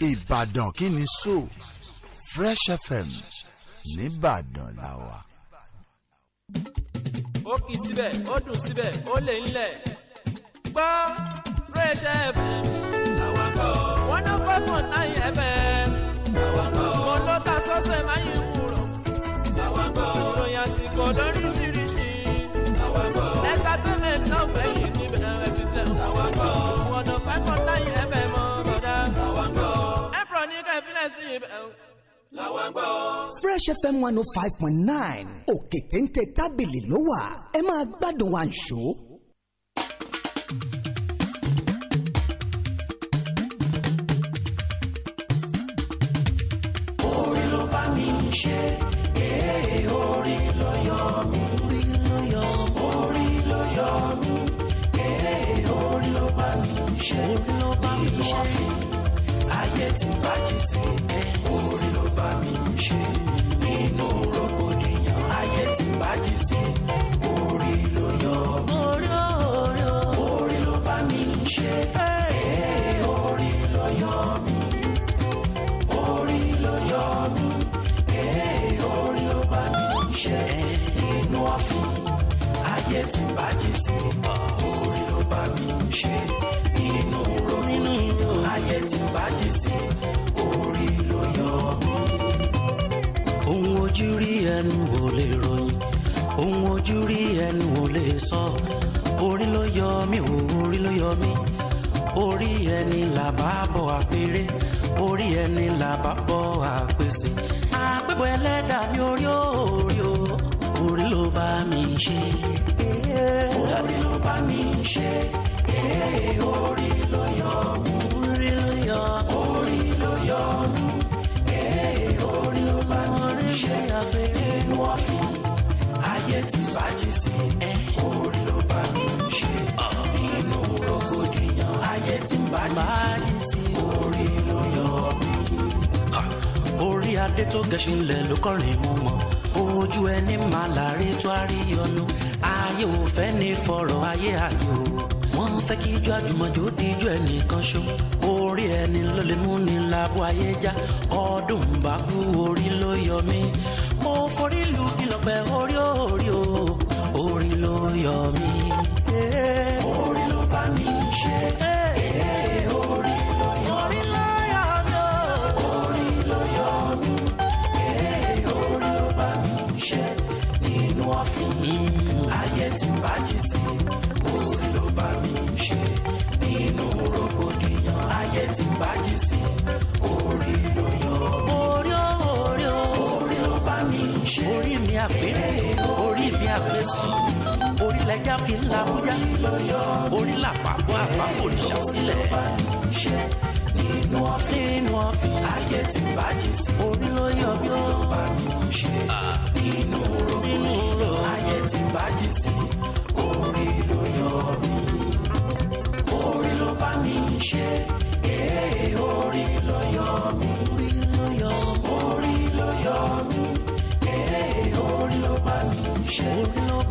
Ìbàdàn kí ni so Fresh FM nìbàdàn la wà. ó kì í síbẹ̀ ó dùn síbẹ̀ ó lè ń lẹ̀ gbọ́ Fresh FM àwọn kọ́ one oh five point nine mo ló ta sọ́sẹ̀ máa ń wúrọ̀ àwọn àsìkò lórí. nasib. làwọn gbọ́. fresh fm one oh five point nine òkè téńté tábìlì ló wà ẹ máa gbádùn wa ǹṣó. orí ló bá mi ṣe èé eh, orí ló yọ mí. orí ayé ti bàjẹ́ sí i. orí ló bá mi ń ṣe nínú rògbòdìyàn ayé ti bàjẹ́ sí i. orí ló yọ mí orí ló mi ń ṣe. orí ló yọ mí orí ló yọ mí orí ló bá mi ń ṣe nínú àfin ayé ti bàjẹ́ sí i. orí ló bá mi ń ṣe tí bá jì sí orí ló yọ mí. ohun ojú rí ẹnu ò lè ròyìn ohun ojú rí ẹnu ò lè sọ orí ló yọ mí orí ló yọ mí orí ẹni làbá bọ̀ àpèrè orí ẹni làbá bọ̀ àpèsè àpèbọ̀ ẹlẹ́dàá mi orí orí o orí ló bá mi ṣe orí ló bá mi ṣe orí ló yọ mí. ti bàjẹ́ sí ẹ orí ló bá mi ṣe nínú rògbòdìyàn ayé ti bàjẹ́ sí orí ló yọ mí. orí adé tó gẹṣin lẹ ló kọrin mú mọ ojú ẹni máa láre tó a rí ọnu ayé ò fẹ́ ní fọ̀rọ̀ ayé ayò wọ́n fẹ́ kí ijó àjùmọ̀jò díjú ẹnìkan ṣó orí ẹni ló lè mú ni lábọ́ ayé já ọdún bá kú orí ló yọ mí dúpẹ́ orí orí o orí ló yọ mí. orí ló bá mi ṣe. orí ló yọ mí. orí ló yọ mí. orí ló bá mi ṣe nínú ọ̀fìn. ayé tí ń sí orí sí. orílẹ̀ yá fi la bóyá orílẹ̀ àpapọ̀ àpapọ̀ òrìṣà sílẹ̀. nínú ọ̀fìn nínú ọ̀fìn ayé ti bàjẹ́ sí. orí ló yọ bí ó bá mi ń ṣe. nínú orogbó ayé ti bàjẹ́ sí. orí ló yọ bí orí ló bá mi ń ṣe. ee orí ló yọ mí. orí ló yọ mí. orí ló yọ mí. ee orí ló bá mi ń ṣe.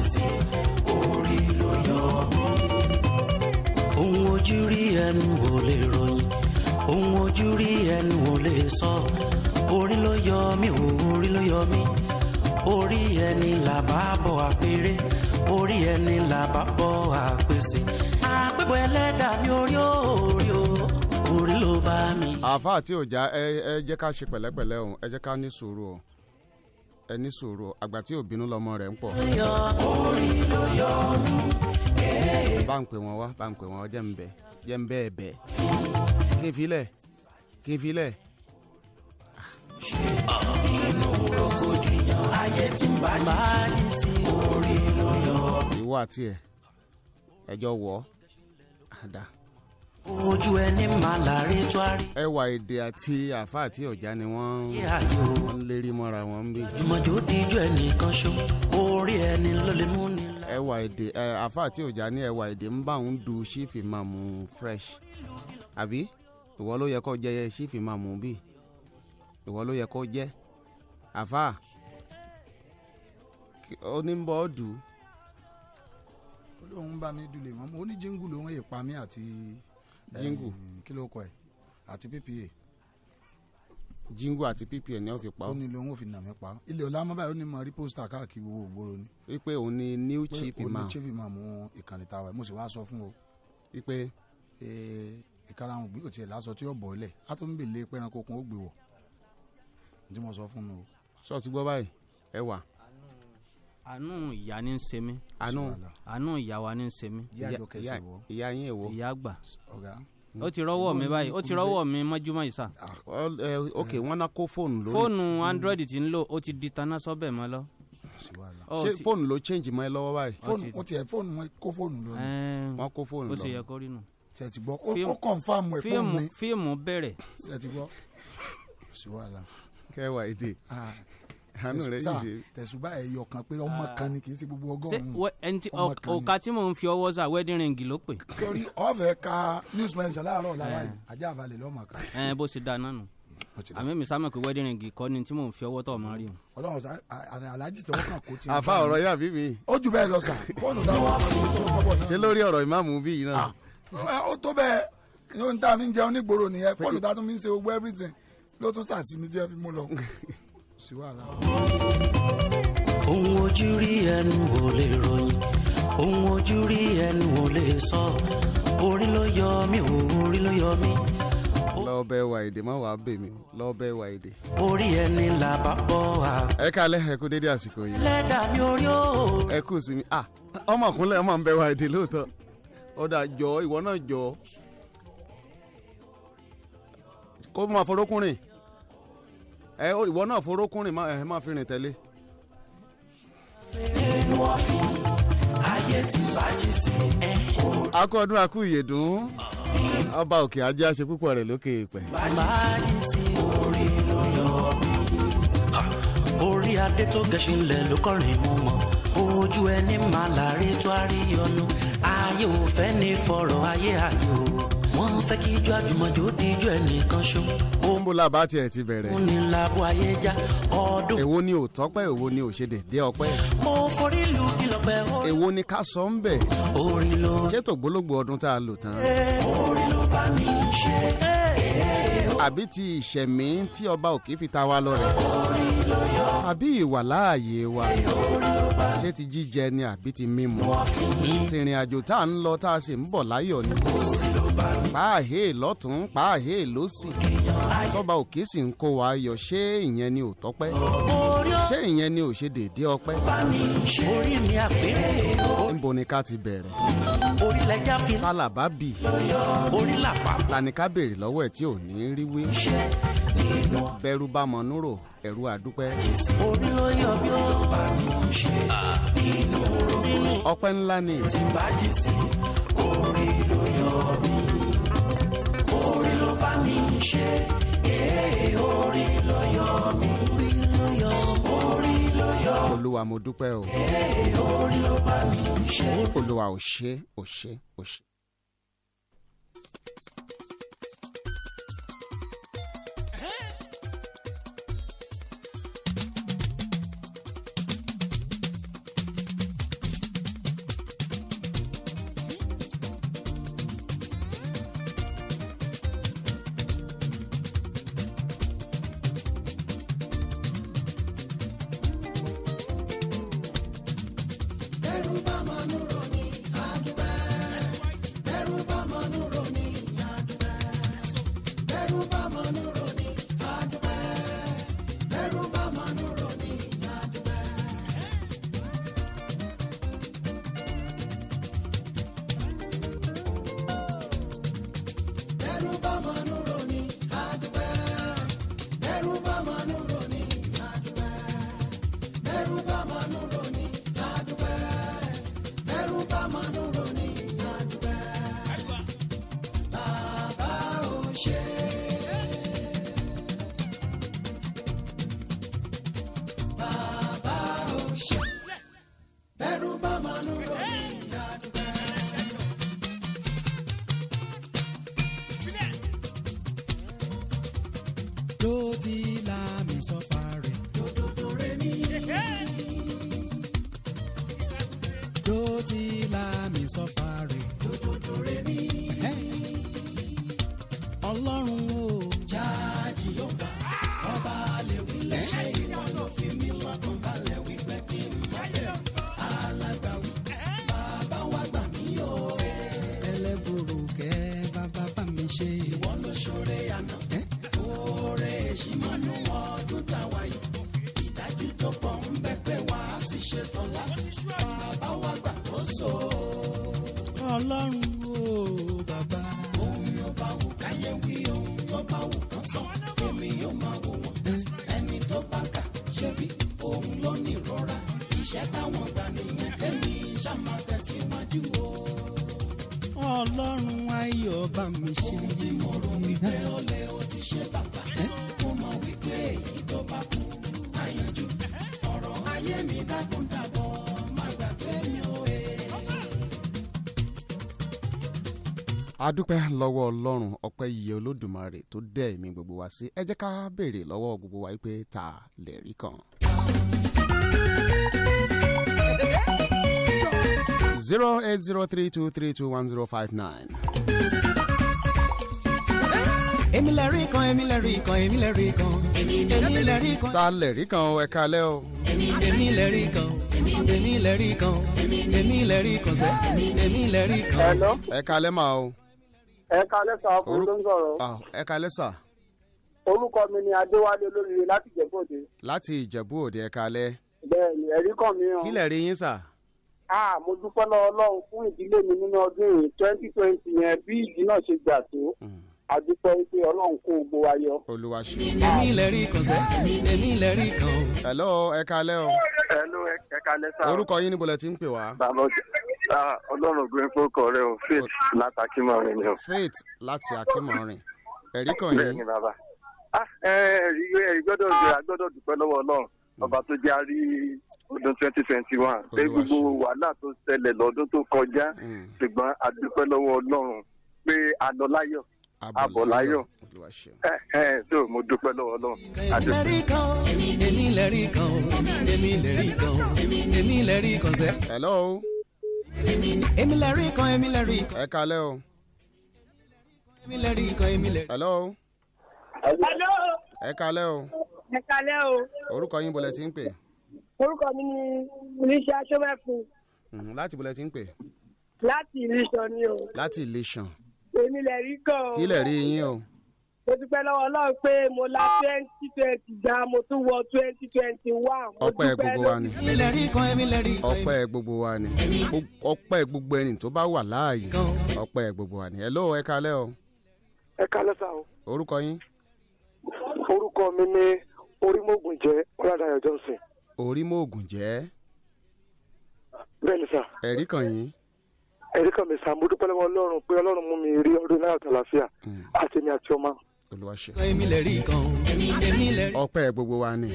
àìsí orí ló yọ mí. ohun ojú rí ẹnu wò lè ròyìn ohun ojú rí ẹnu wò lè sọ orí ló yọ mí o orí ló yọ mí orí ẹni làbá bọ̀ àpèrè orí ẹni làbá bọ̀ àpèsè àpèbọ̀ ẹlẹ́dàá mi orí orí o orí ló bá mi. àáfàá tí ò já ẹ jẹ́ ká ṣe pẹ̀lẹ́pẹ̀lẹ́ o ẹ jẹ́ ká ní sùúrù o ẹni sòrò àgbà tí òbínú lọmọ rẹ̀ ń pọ̀. bá ń pè wọ́n wá bá ń pè wọ́n jẹ́ ń bẹ̀ jẹ́ ń bẹ́ẹ̀ bẹ́ẹ̀ kí n filẹ̀ kí n filẹ̀. ìwọ àti ẹ ẹjọ wọ àdá ojú ẹni máa láre tó a rí. ẹwà èdè àti àfa àti ọjà ni wọn ń lérí mọ́ra wọn bí. jùmọ̀jò díjú ẹnìkan ṣó orí ẹni ló lè mú ni. ẹwà èdè àfa àti ọjà ní ẹwà èdè ń bá òun du sífì máa mú fresh àbí ìwọ ló yẹ kó jẹ sífì máa mú bí ìwọ ló yẹ kó jẹ àfa onímbọ̀ọ́dù. olóhùn bá mi dùn lè mọ́ mo ní jíngù lóhùn èèpá mi àti jingu kí ló kọ ẹ àti ppa. jingu àti ppa ni ó fi pa ó. ó ní lóun ò fi nà mí pa ilé ọlámọ báyìí ó ní mo rí pósítà káàkiri owó ògbóró ni. wípé òun ni new chief imam. òun ni chief imam mú ìkànnì tàwa mo sì wá sọ fún o. wípé. ìkarahun gbé òtí ẹ̀ lásọ tí ó bọ̀ ọ́lẹ̀ á tó ń bèlè pẹ́ranko kan ó gbé wọ̀ ní mo sọ fún mi o. sọ ti gbọ́ báyìí ẹ wà àánú ìyá ni ń ṣe mí. àánú àánú ìyá wa ni ń ṣe mí. ìyá yín èwo. ìyá àgbà. ó ti rọ́wọ́ mi báyìí ó ti rọ́wọ́ mi mọ́júmọ́ yìí sà. Ah. Eh, ok wọn náà kó fóònù lórí. fóònù hmm. android ti ń lò ó ti di taná sọ́bẹ̀ mọ́ lọ. ṣé fóònù ló change mọ́ ẹ lọ́wọ́ báyìí. fóònù ó tiẹ̀ fóònù wọn kó fóònù lórí. wọn kó fóònù lọ. ó sì yẹ kó rí nù. ṣe ti ó kọ̀ǹfàmù àánú rẹ yìí ṣe. tẹ̀sùbà ẹ̀yọ̀ kan pé ọmọ ah. kan ni kì í ṣe gbogbo ọgọ́rùn-ún ọ̀ka tí mò ń fi ọwọ́ sà wedding ring ló pè. torí ọ̀fẹ́ ka newsman ṣe láàárọ̀ làwọn eh. ajá àbálẹ̀ lọ́mọ kan. ẹ eh, bó ṣe dáná nù àmì mi sámẹ̀ pé wedding ring kọ́ ni tí mò ń fi ọwọ́ tọ̀ mọ́ rí o. ọlọ́run sá alájí tọwọ́ kan kò tí. àfa ọ̀rọ̀ yà bí mi. ó jù bẹ́ẹ̀ lọ sà fóònù táwọn ṣe lórí ọ̀rọ̀ ìmáàmù bíi náà. Ah, ó tó bẹ́ẹ̀ ló ń tà fi ń jẹun nígboro nìyẹn fóònù tá a ń ṣe gbogbo everything ló tún sàṣìmí tí fi mú lọ. sí wàhálà. ohun ojú rí ẹnu wò lè ròyìn ohun ojú rí ẹnu wò lè sọ orí ló yọ mí orí ló yọ mí. lọ́ọ́bẹ̀ wà èdè má wàá bèmí lọ́ọ́bẹ̀ wà èdè. orí ẹni là bá bọ́ wa. ẹ kálẹ̀ ẹ kú dédé àsìkò yìí. lẹ́dà mi orí o. ẹ kú sí mi ọmọkùnrin ọmọ ń bẹ wà èdè lóòótọ́ ọ̀dà jọ ìwọ náà jọ kó máa fọdọ́kùnrin ẹ ìwọ náà forókùnrin ẹ máa fi rìn tẹ́lẹ̀. akọ ọdún akú ìyèdùn ọba òkè ajé àṣẹ púpọ̀ rẹ̀ lókè èèpẹ̀. orí adé tó gẹṣin lẹ ló kọrin mú mọ ojú ẹni máa láre tó àríyànnú ayé ò fẹ́ ní fọ̀rọ̀ ayé ayé o wọ́n fẹ́ kí ijó àjùmọ̀jò di ijó ẹnìkan ṣó bó la bá tiẹ̀ ti bẹ̀rẹ̀. òní làbọ̀ ayé já ọdún. èwo ni ò tọ́pẹ́ èwo ni ò ṣe ọpẹ́. mo forí lu ìlọpẹ o. èwo ni ká sọ ń bẹ̀. orin ló. ṣètò gbólógbò ọdún tá a lò tán. orin ló bá mi ṣe. àbí ti ìṣẹ̀mí tí ọba òkè fi ta wa lọ́rẹ. orin ló yọ. àbí ìwà láàyè wa. ṣé ti jíjẹ ni àbí ti mímu. tìrìn àjò tá à ń lọ tá a sì ń bọ̀ láyọ̀ ni. orin pàáhé lọ́tún pàáhé lọ́sì tọ́ba òkè sì ń kó wa yọ ṣé ìyẹn ni ò tọ́pẹ́ ṣé ìyẹn ni ò ṣe déédéé ọpẹ́ níbo ni ká ti bẹ̀rẹ̀ kálábà bì lànìká béèrè lọ́wọ́ ẹ̀ tí ò ní rí wí bẹ̀rù bá mọ núrò ẹ̀rù àdúpẹ́. Ah, ọpẹ́ ńlá ni. ṣe ee orí ló yọ mí orí ló yọ mí. olúwa mo dúpẹ́ o. ee orí ló bá mi ṣe. olúwa ò ṣe ò ṣe ò ṣe. iṣẹ́ táwọn gbà nìyẹn kémi ṣàmà tẹ̀síwájú o. ọlọ́run ayọ̀ bá mi ṣe. ohun tí mo rò wípé ó lè ti ṣe bàbá. mo mọ̀ wípé ìjọba kù àyànjú. ọ̀rọ̀ ayé mi dákun má gbàgbé mi o. E. adúpẹ́ lọ́wọ́ ọlọ́run ọpẹ́ iye olódùmarè tó dẹ́ ẹ̀mí gbogbo wa sí ẹ jẹ́ ká béèrè lọ́wọ́ gbogbo wa pé ta lè rí kan zero eight zero three two three two one zero five nine. èmi lè rí kan èmi lè rí kan èmi lè rí kan èmi lè rí kan. ta lè rí kan o ẹ kalẹ o. èmi lè rí kan èmi lè rí kan èmi lè rí kan sẹ èmi lè rí kan. ẹ kalẹ ma o. ẹ kalẹ sa ọkùnrin tó ń sọrọ. Ah, ẹ kalẹ sa. orúkọ mi ni adéwálé olóríire láti ìjẹ̀bú òde. láti ìjẹ̀bú òde ẹ kalẹ bẹ́ẹ̀ni ẹ̀rí kan mìíràn. kílẹ̀ rí yín sà. a mo dúpẹ́ lọ́wọ́ ọlọ́run fún ìdílé mi nínú ọdún yìí twenty twenty yẹn bí ìdí náà ṣe gbà tó àdúpẹ́ wípé ọlọ́run kó gbogbo wa yọ. olúwa èmi lè kan sẹ́ èmi lè kan hello ẹ kalẹ́ o. hello ẹ kalẹ́ sá. orúkọ yín níbo lẹ ti ń pè wá. bàbá ọlọ́run gbé fókọ rẹ o faith láti akínmọ̀rin ni o. faith láti akínmọ̀rin ẹ̀rí kan yín. bẹ́ẹ̀ ni bàbá ẹ̀rí gbọ́dọ̀ ọba tó já rí ọdún twenty twenty one pé gbogbo wàhálà tó ṣẹlẹ̀ lọ́dún tó kọjá mm. ṣùgbọ́n a dúpẹ́ lọ́wọ́ ọlọ́run pé a lọ láyọ̀ a bọ̀ láyọ̀ ẹ ẹ tó mo dúpẹ́ lọ́wọ́ ọlọ́run. èmi lẹ́rí kan èmi lẹ́rí kan kan èmi lẹ́rí kan hello. èmi lẹ́rí kan èmi lẹ́rí kan. ẹ kalẹ́ o. èmi lẹ́rí kan èmi lẹ́rí kan. hello. hello. ẹ kalẹ́ o ẹ kalẹ́ o. orúkọ yín bọ̀lẹ̀ tí ń pè. orúkọ mi ni oníṣẹ́ aṣọ́mẹ́fún. láti bọ̀lẹ̀ tí ń pè. láti Ìlíṣàn ni o. láti Ìlíṣàn. èmi lè rí kàn kí lè rí yín o. mo dúpẹ́ lọ́wọ́ Ọlọ́run pé mo la twenty twenty gbà mo tún wọ twenty twenty one. ọpẹ́ gbogbo wa ni. èmi lè rí kan èmi lè rí kan. ọpẹ́ gbogbo wa ni. ọpẹ́ gbogbo ẹni tó bá wà láàyè. ọpẹ́ gbogbo wa ni. hello ẹ kalẹ́ o. ẹ kalẹ́ sa o. orúkọ yín. orúkọ mi ni orímọ̀gùn jẹ́ ọ̀làdàyọ̀ johnson. orímọ̀gùn jẹ́. bẹ́ẹ̀ni sà. ẹ̀rí kan yín. ẹ̀rí kan mi sà mo dúpẹ́ lọ́wọ́ ọlọ́run pé ọlọ́run mú mi rí ọdún náírà tàlàfíà hmm. àti èmi àti ọmọ olùwàṣẹ. ọpẹ́ gbogbo wa ni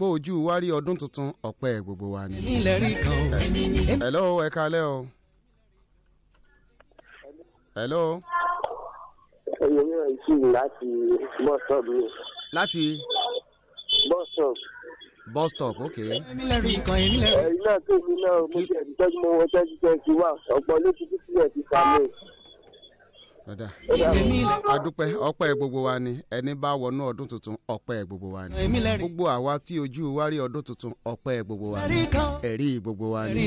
bó ojú wa rí ọdún tuntun ọpẹ́ gbogbo wa ni. hello ẹ kalẹ́ o. hello. ẹyẹ mi ò tí ì láti bọ́ sọ́ọ̀bù. láti bus stop. bus stop ok. èmi náà tó èmi náà mo jẹ́ ìtọ́jú mo wọ tẹ́jú tẹ́jú wà ọ̀pọ̀ ló ti kú ti sàmì. Adupe, adúpẹ́ ọpẹ́ gbogbo wa ni ẹni bá wọnú ọdún tuntun ọpẹ́ gbogbo wa ni gbogbo àwa tí ojú wa rí tuntun ọpẹ́ gbogbo wa ni ẹ̀rí gbogbo wa ni.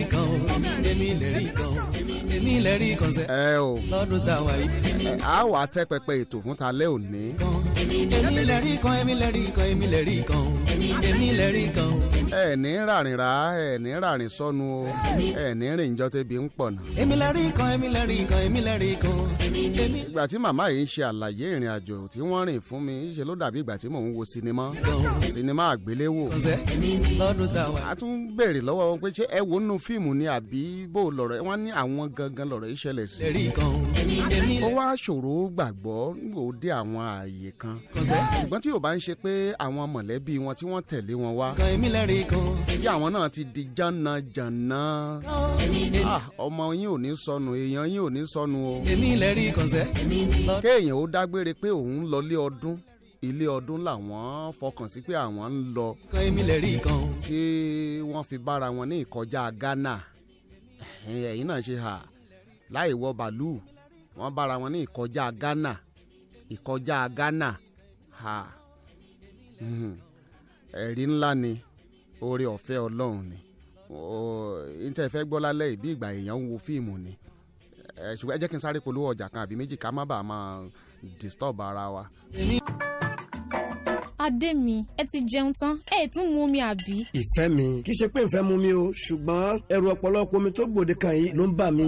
ẹ o a wà á tẹ́ pẹpẹ ètò fún ta lẹ́ òní. ẹ ní o ẹ ní rìn jọ tẹbi ń pọ̀ nà. ìgbà tí màmá yìí ń ṣe àlàyé ìrìn àjò tí wọ́n rìn fún mi ṣe ló dàbí ìgbà tí mò ń wo sinimá sinimá àgbéléwò a tún béèrè lọ́wọ́ wọn pé ṣé ẹ wo nínú fíìmù ni àbí bó lọ̀rọ̀ wọ́n ní àwọn gangan lọ̀rọ̀ ìṣẹ̀lẹ̀ sí ó wá ṣòro gbàgbọ́ ó àwọn ààyè kan ṣùgbọ́n tí ò bá ń ṣe pé àwọn mọ̀lẹ́bí wọn tí wọ́n tẹ̀lé wọn wá tí àwọn náà ti di jànnàjànnà ah, ọmọ yín ò ní sọnù èèyàn yín ò ní sọnù o kéèyàn ó dágbére pé òun lọlé ọdún ilé ọdún làwọn fọkàn sí pé àwọn ń lọ tí wọ́n fi bára wọn ní ìkọjá Ghana ẹ̀yin náà ṣe hà láì wọ bàálù wọ́n bára wọn ní ìkọjá Ghana ìkọjá Ghana ha hmm. ẹ̀rí ńlá ni oore ọ̀fẹ́ Ọlọ́run ni níta ìfẹ́ gbọ́ lálẹ́ ìbí ìgbà èèyàn ń wo fíìmù ni ṣùgbọ́n ẹ jẹ́ kí n sáré polówó ọjà kan àbí méjì ká má bàa máa disturb ara wa. Adé mi, ẹ ti jẹun tán, ẹ tún mu omi àbí. Ìfẹ́ mi, kì í ṣe pé ń fẹ́ mu mi o, ṣùgbọ́n ẹrù ọ̀pọ̀lọpọ̀ omi tó gbòde kan yìí ló ń bà mí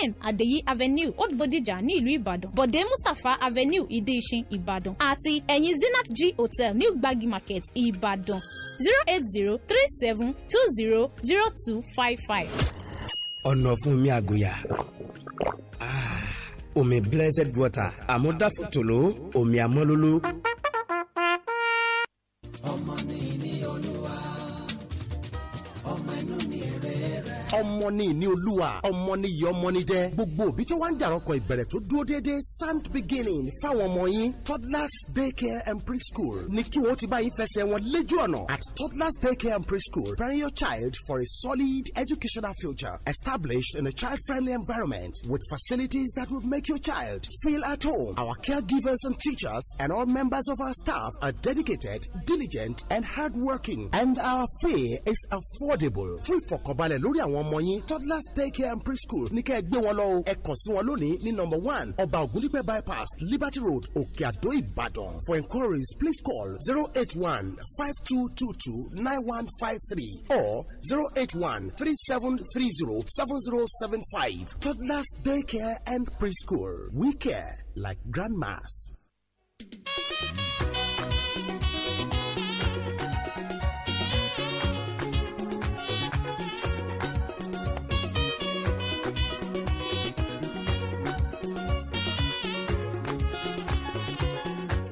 ten Àdèyí avenue Old Bodija ní ìlú Ìbàdàn Bọ̀dé Mustapha avenue Ìdí-Ìṣin Ìbàdàn àti ẹ̀yìn Zenith G Hotel New Gbagi market Ìbàdàn zero eight zero three seven two zero zero two five five. ọ̀nà fún mi àgùyà ah, omi blessed water àmúdáfòtòló omi àmọ́lóló ọmọ ni ìní olúwa ọmọ ni ìyá ọmọ ni jẹ́ gbogbo òbí tó wá ń jàrọ̀kọ̀ ìbẹ̀rẹ̀ tó dúró déédéé sand beginning fáwọn ọmọ yín toddlers daycare and preschool ní kí wọ́n ti bá yín fẹsẹ̀ wọn lójú ọ̀nà at toddlers daycare and preschool prepare your child for a solid educational future established in a child-friendly environment with facilities that will make your child feel at home. Our caregivers and teachers and all members of our staff are dedicated, diligent, and hardworking, and our fee is affordable. Free for Kobale lórí àwọn ọmọ yín toddlers daycare and preschool ní kẹ́ ẹ gbé wọn lọ o ẹ kàn sí wọn lónìí ní number one ọba gulipe bypass liberty road òkè àdó ìbàdàn for inquiries please call zero eight one five two two two nine one five three or zero eight one three seven three zero seven zero seven five toddlers daycare and preschool we care like grandmas.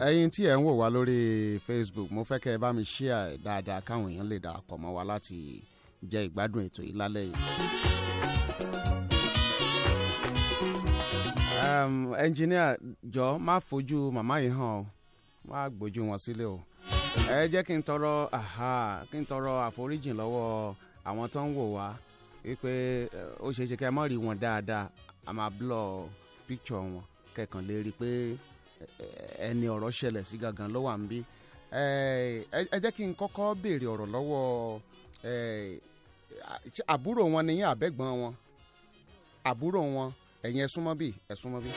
ẹ̀yin tí ẹ ń wò wá lórí Facebook mo fẹ́ kẹ́ ẹ bá mi ṣíà ẹ̀ dáadáa káwọn èèyàn lè darapọ̀ mọ́ wa láti jẹ ìgbádùn ètò yìí lálẹ́ yìí. ẹnjìníà jọ má fojú màmá yìí hàn ọ́ má gbójú wọn sílẹ̀ o ẹ jẹ́ kí n tọrọ kí n tọrọ àforíjìn lọ́wọ́ àwọn tó ń wò wá wípé ó ṣeé ṣe ẹ mọ̀ rí wọn dáadáa a máa blọ̀ wọn kẹ̀kàn lè rí i pé. ẹni ọ̀rọ̀ ṣẹlẹ̀ sí gangan ló wà ń bí ẹ jẹ́ kí n kọ́kọ́ béèrè ọ̀rọ̀ lọ́wọ́ àbúrò wọn ni yín àbẹ́gbọ́n wọn àbúrò wọn ẹ̀yin ẹ súnmọ́ bí súnmọ́ bí.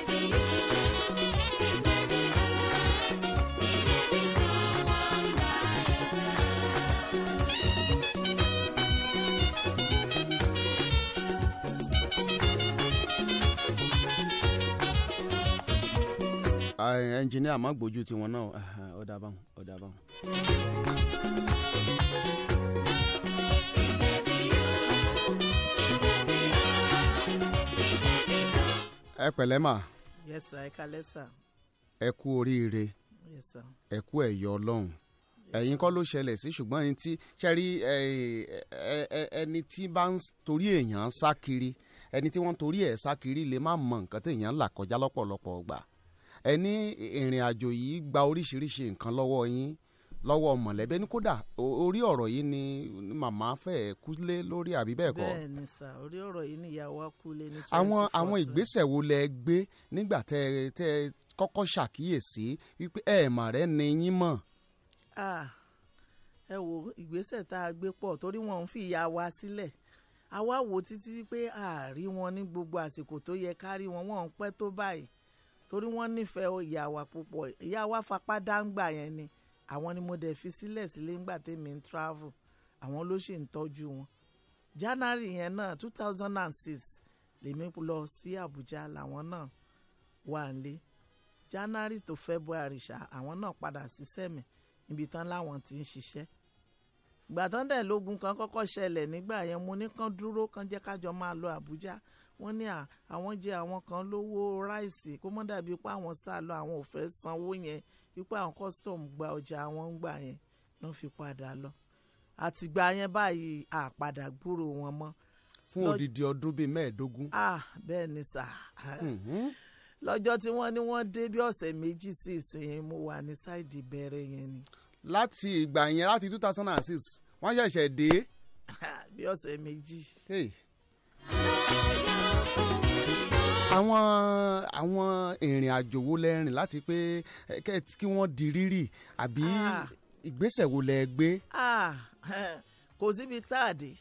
ẹnjìníà má gbójú tiwọn náà ọ̀dà báwọn ọ̀dà báwọn. ẹ pẹ̀lẹ́ mà. yes sir ẹ kalẹ́ sir. ẹ kú oríire. yes sir. ẹ kú ẹ̀yọ́ ọlọ́run ẹ̀yin kọ́ ló ṣẹlẹ̀ sí ṣùgbọ́n ẹni tí ṣẹ́rí ẹni tí bá ń torí èèyàn sá kiri ẹni tí wọ́n torí ẹ̀ sá kiri lè má mọ nǹkan tí èèyàn là kọjá lọ́pọ̀lọpọ̀ ọgbà ẹ ní ìrìn àjò yìí gba oríṣiríṣi nǹkan lọ́wọ́ yín lọ́wọ́ mọ̀lẹ́bí ẹni kódà orí ọ̀rọ̀ yìí ni màmá fẹ́ kúlé lórí àbí bẹ́ẹ̀ kọ́. bẹ́ẹ̀ ni sà orí ọ̀rọ̀ yìí ni ìyàwó kúlé ní twenty four. àwọn àwọn ìgbésẹ̀ wo lẹ gbé nígbà tẹ tẹ kọ́kọ́ ṣàkíyèsí wípé ẹ̀ẹ̀mà rẹ ni yín mọ̀. ẹ wo ìgbésẹ̀ tá a gbé pọ̀ torí wọn ń fi ìyá wa sílẹ̀ àwa wò títí pé a rí wọn ní gbogbo àsìkò tó yẹ ká rí wọn wọn ń pẹ́ tó báyìí torí wọ́n nífẹ̀ẹ́ ìyá wa púpọ̀ ìyá wa fapá dáńgbà yẹn ni àwọn ni mo dẹ̀ fi sílẹ̀ sílé ńgbà tèmi ń travel àwọn ló ṣì ń tọ́jú wọn january yẹn náà two thousand and six lèmi lọ sí àbújá làwọn náà wà nílé january to february ṣá àwọn náà padà sí sẹ́mi níbi tán láwọn ti ń ṣiṣẹ́ gbàtán dẹ̀ lógun kan kọ́kọ́ ṣẹlẹ̀ nígbà yẹn mo ní kán dúró kán jẹ́ kájọ máa lọ àbújá wọ́n ní àwọn jẹ àwọn kan lówó ráìsì kó mọ́ dàbí pé àwọn sá lọ àwọn ò fẹ́ sanwó yẹn wípé àwọn custom gba ọjà àwọn gbà yẹn ló fi padà lọ àtìgbà yẹn báyìí àpàdà gbúrò wọn mọ́. fún odidi ọdún bíi mẹ́ẹ̀ẹ́dógún. ah bẹ́ẹ̀ ni sà. Mm-hmm. lọ́jọ́ tí wọ́n ní wọ́n dé bí ọ̀sẹ̀ méjì sí ìsinyìí mo wà ní sáìdì bẹ̀rẹ̀ yẹn ni. láti ìgbà yẹn láti two thousand and six wọ́n ṣẹ̀ṣẹ̀ dé. bí ọ̀sẹ̀ méjì. Hey àwọn àwọn ìrìn àjò wo lẹ rìn láti pé eh, kí wọ́n di rírì àbí ah. ìgbésẹ̀ wo lẹ gbé. Ah, eh, kò síbi tá a dé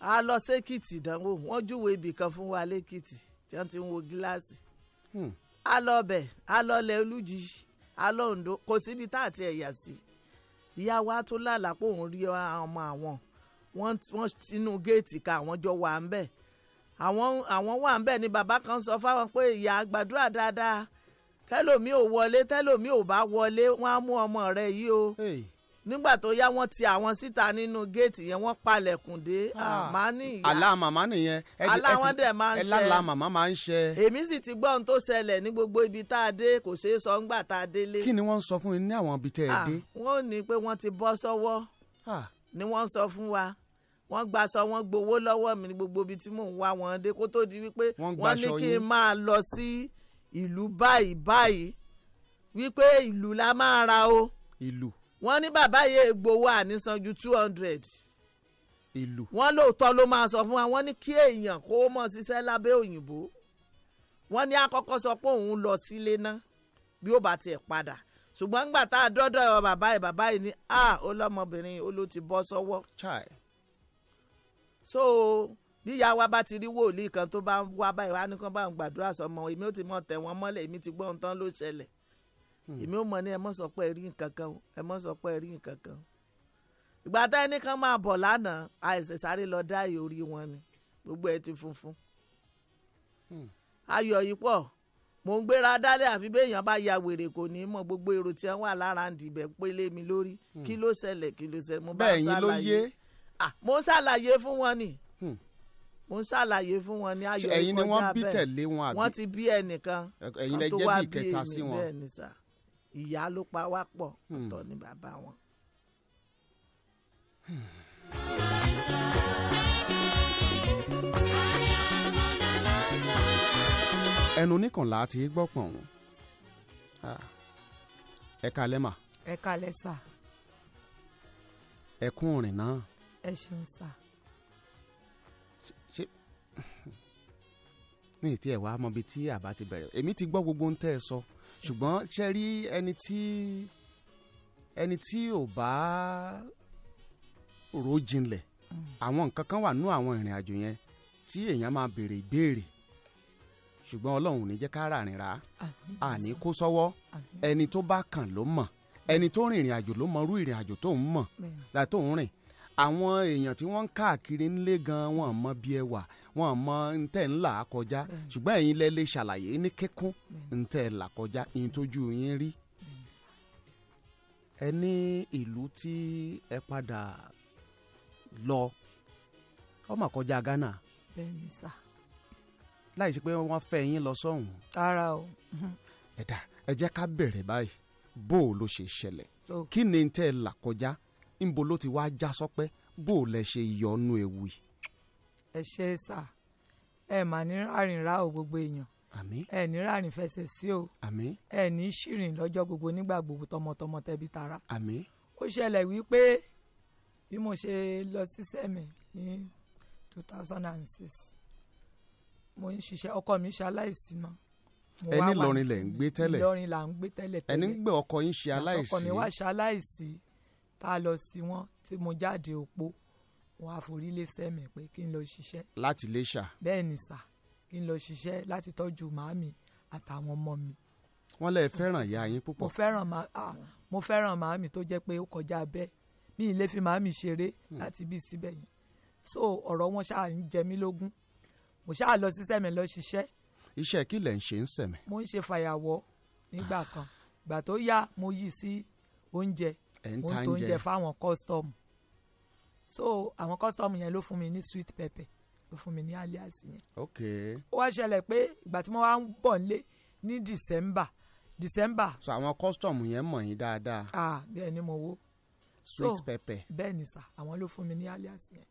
a lọ sẹ́kìtì ìdánwò wọ́n júwe ibì kan fún wa lẹ́kìtì tí wọ́n ti ń wo gíláàsì hmm. a lọ bẹ̀ a lọ lẹ olújì a lọ Oǹdó kò síbi tá a ti ẹ̀yà sí ìyá wa tó lálàpọ̀ òun rí ọmọ àwọn wọ́n inú géètì ka àwọn jọ wà ń bẹ́ẹ̀ àwọn àwọn wà ń bẹ̀ ni bàbá kan sọ fáwọn pé ìyá gbàdúrà dáadáa tẹ́lòmí ò wọlé tẹ́lòmí ò bá wọlé wọ́n á mú ọmọ rẹ̀ yìí o nígbà tó yá wọ́n ti àwọn síta nínú géètì yẹn wọ́n palẹ̀kùn dé ah. àmá nìyá àlá màmá nìyẹn aláwọn dẹ̀ máa ń ṣe ẹlá màmá máa ń ṣe. èmi sì ti gbọ́ ohun tó ṣẹlẹ̀ ní gbogbo ibi tá a dé kò ṣeé sọ ńgbà tá a délé. kí ni wọ́n ń sọ fún yín ní àwọn ibi tẹ́ ẹ ah, dé. wọ́n ò ní pé wọ́n ti bọ́ sọ́wọ́ ah. ni wọ́n ń sọ fún wa wọ́n gbaṣọ wọ́n gbowó lọ́wọ́ mi ní gbogbo ibi tí mò ń wá wọn dé kó tó di wípé wọ́n ní kí n máa lọ sí ìlú báyìí báyìí wípé ìlú la máa ra o. ìlú. wọ́n ní bàbá yìí e gbowó ànísan ju two hundred ìlú. wọ́n lóòótọ́ ló máa sọ fún wa wọ́n ní kí èèyàn kó mọ̀ ṣiṣẹ́ lábẹ́ òyìnbó wọ́n ní àkọ́kọ́ sọ pé òun lọ sílé náà bí ó bá tiẹ̀ padà ṣùgbọ́n ńgbà tá a dọ́dọ̀ bàbá ẹ̀ bàbá yìí ni ah ó lọ́mọbìnrin ó ló ti bọ́ sọ́wọ́ so bíyá wa bá ti rí wòlíì kan tó bá ń wá báyìí wá ní kán bá ń gbàdúrà sọmọ èmi ò ti mọ tẹ̀ wọ́n mọ́lẹ̀ èmi ti gbọ́ ohun tán ló ṣẹlẹ̀ hmm. èmi ò mọ ní ẹ mọ sọ pé ẹ nǹkan kan ẹ mọ sọ pé ẹ nǹkan kan ìgbà tá ẹni kan máa bọ̀ lánàá àìsàn sáré lọ dá ayò wọn ni gbogbo ẹ ti funfun hmm. ayọ̀ yìí pọ̀ mò ń gbéra dálé àfi béèyàn bá ya wèrè kò ní mọ gbogbo èrò tí wọn wà lára ń dìbẹ̀ pélé mi lórí hmm. kí ló ṣẹlẹ̀ kí ló ṣẹlẹ̀ mo bá ṣàlàyé Ah, mo ń ṣàlàyé fún wọn ni hmm. mo ń ṣàlàyé fún wọn ni ayọ̀ ìkọjá bẹ́ẹ̀ ẹ̀yin ni wọ́n bí tẹ̀lé wọn àbí wọ́n ti bí ẹnìkan ẹ̀yin lẹ jẹ́ bí ìkẹta sí wọn bẹ́ẹ̀ ni sà ìyá ló pa wá pọ̀ ọ̀tọ̀ hmm. ni bàbá wọn. ẹnu oníkànlá ti gbọ́ pọ̀n ah. ẹ̀ka lẹ́mà. ẹ̀ka lẹ́sà. ẹ̀kún ọ̀rìn náà ẹ ṣeun sá. ṣe ní ìtí ẹ̀ wá mọbi tí àbá ti bẹ̀rẹ̀ èmi ti gbọ́ gbogbo ń tẹ́ ẹ sọ ṣùgbọ́n ṣe rí ẹni tí ẹni tí ò bá rò jinlẹ̀ àwọn nǹkan kan wà nú àwọn ìrìn àjò yẹn tí èèyàn máa béèrè ìbéèrè ṣùgbọ́n ọlọ́run ò ní jẹ́ ká ràrìn rà á àní kó sọ́wọ́ ẹni tó bá kàn ló mọ̀ ẹni tó rìnrìn àjò ló mọ irú ìrìn àjò tó ń mọ̀ tó ń rìn àwọn èèyàn tí wọ́n ń káàkiri nílé gan wọn mọ bí ẹ wà wọn mọ ntẹ ńlá kọjá ṣùgbọ́n ẹ̀yin lẹ lè ṣàlàyé ní kíkún ntẹ là kọjá ìyìn tójú yín rí ẹ ní ìlú tí ẹ padà lọ ọmọ kọjá Ghana bẹ́ẹ̀ni sá láì sí pé wọ́n fẹ́ yín lọ sọ́hùn. ara o. ẹ̀dá ẹ jẹ́ ká bẹ̀rẹ̀ báyìí bó o ló ṣe ṣẹlẹ̀ kí ni tẹ́ ẹ kọjá. Okay ńbo ló ti wáá já sọpẹ́ bó o lẹ ṣe yọnu ewu yìí. ẹ ṣe é sà ẹ mà ní rárìn rá o gbogbo èèyàn àmín ẹ ní rárìn fẹsẹ̀ sí o ẹ ní ṣìrìn lọ́jọ́ gbogbo nígbà gbogbo tọmọtọmọ tẹbi tara àmín ó ṣẹlẹ̀ wípé bí mo ṣe lọ sí sẹ́mi ní two thousand and six mo ń ṣiṣẹ́ ọkọ mi ṣe aláìsí náà ẹni lọrin lẹ ń gbé tẹ́lẹ̀ ẹni lọrin là ń gbé tẹ́lẹ̀ tẹ́lẹ̀ ẹni ń gbé ọkọ yín ṣe aláìsí ọkọ mi wá ṣe aláìsí tá a lọ sí wọn tí mo jáde òpó wọn àforí lé sẹ́mi pé kí n lọ ṣiṣẹ́. láti lè ṣà. bẹ́ẹ̀ ni sà kí n lọ ṣiṣẹ́ láti tọ́jú màámi àtàwọn ọmọ mi. wọ́n lè fẹ́ràn ìyá yín púpọ̀. mo fẹ́ràn ma mo fẹ́ràn màámi tó jẹ́ pé ó kọjá bẹ́ẹ̀ mi ì lè fi màámi ṣeré hmm. láti bí síbẹ̀ yẹn so ọ̀rọ̀ wọn ṣáà ń jẹ mí lógún mo ṣáà lọ sí sẹ́mi lọ ṣiṣẹ́. iṣẹ́ kí lẹ̀ ń ṣe ń sẹ̀mẹ̀. mo ń ṣe fàyàwọ́ nígbà kan ìgbà tó yá mo yí sí oúnjẹ ohun tó ń jẹ fáwọn kọ́sítọ́ọ̀mù so àwọn kọ́sítọ́ọ̀mù yẹn ló fún mi ní sweet pepper ló fún mi ní alias yẹn. ok ó wá ṣẹlẹ̀ pé ìgbà tí mo wá ń bọ̀ nílé ní December December. so àwọn kọ́sítọ́ọ̀mù yẹn mọ̀ yín dáadáa. ah bẹ́ẹ̀ ni mo wo. sweet so, pepper bẹ́ẹ̀ ni sà àwọn ló fún mi ní alias yẹn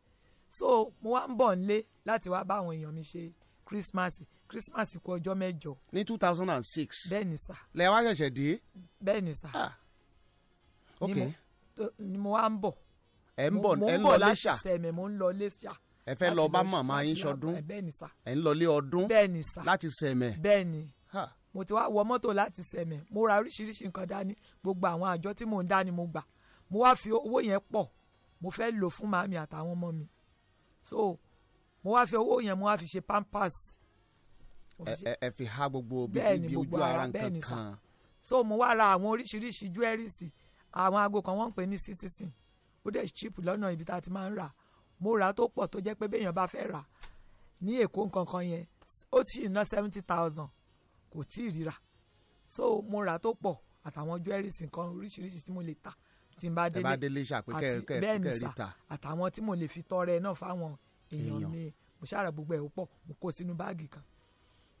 so mo wá ń bọ̀ nílé láti wá bá àwọn èèyàn mi ṣe Christmas Christmas kù ọjọ́ mẹ́jọ. ní two thousand and six. bẹ́ẹ̀ ni sà. lẹ́yìn wá ṣẹ̀ṣẹ̀ dé. bẹ́ẹ̀ ni sà. ah ni mo wá ń bọ̀. ẹ ń bọ̀ ẹ ń lọ lẹ́ṣà mo ń bọ̀ láti sẹ̀mẹ̀ mo ń lọ lẹ́ṣà. ẹ fẹ́ lọ bá màmá yín sọdún ẹ ń lọlé ọdún láti sẹ̀mẹ̀. bẹ́ẹ̀ni mo ti wá wọ mọ́tò láti sẹ̀mẹ̀ mo ra oríṣiríṣi nǹkan dání gbogbo àwọn àjọ tí mò ń dání mo gbà mo wá fi owó yẹn pọ̀ mo fẹ́ lò fún màmí àtàwọn ọmọ mi so mo wá fi owó yẹn mo wá fi ṣe pampers. ẹ ẹ fi ha gbogbo bíi ojú ara nǹkan kan. bẹ́ẹ̀ni so mo wá ra àwọn oríṣiríṣi jewelries àwọn aago kan wọ́n ń pè ní citizen ó dẹ̀ cheap lọ́nà ibi tá a ti máa ń rà mo rà tó pọ̀ tó jẹ́ pé béèyàn bá fẹ́ rà ní èkó nkankan yẹn ó ti ná seventy thousand kò tí ì ríra so mo rà tó pọ̀ àtàwọn jewelries nǹkan oríṣiríṣi tí mo lè ta tí n bá délé àti bẹ́ẹ̀ ni sà àtàwọn tí mo lè fi tọrẹ náà fáwọn èèyàn mi mo ṣàrà gbogbo ẹ̀ pọ̀ mo kó sínú báàgì kan.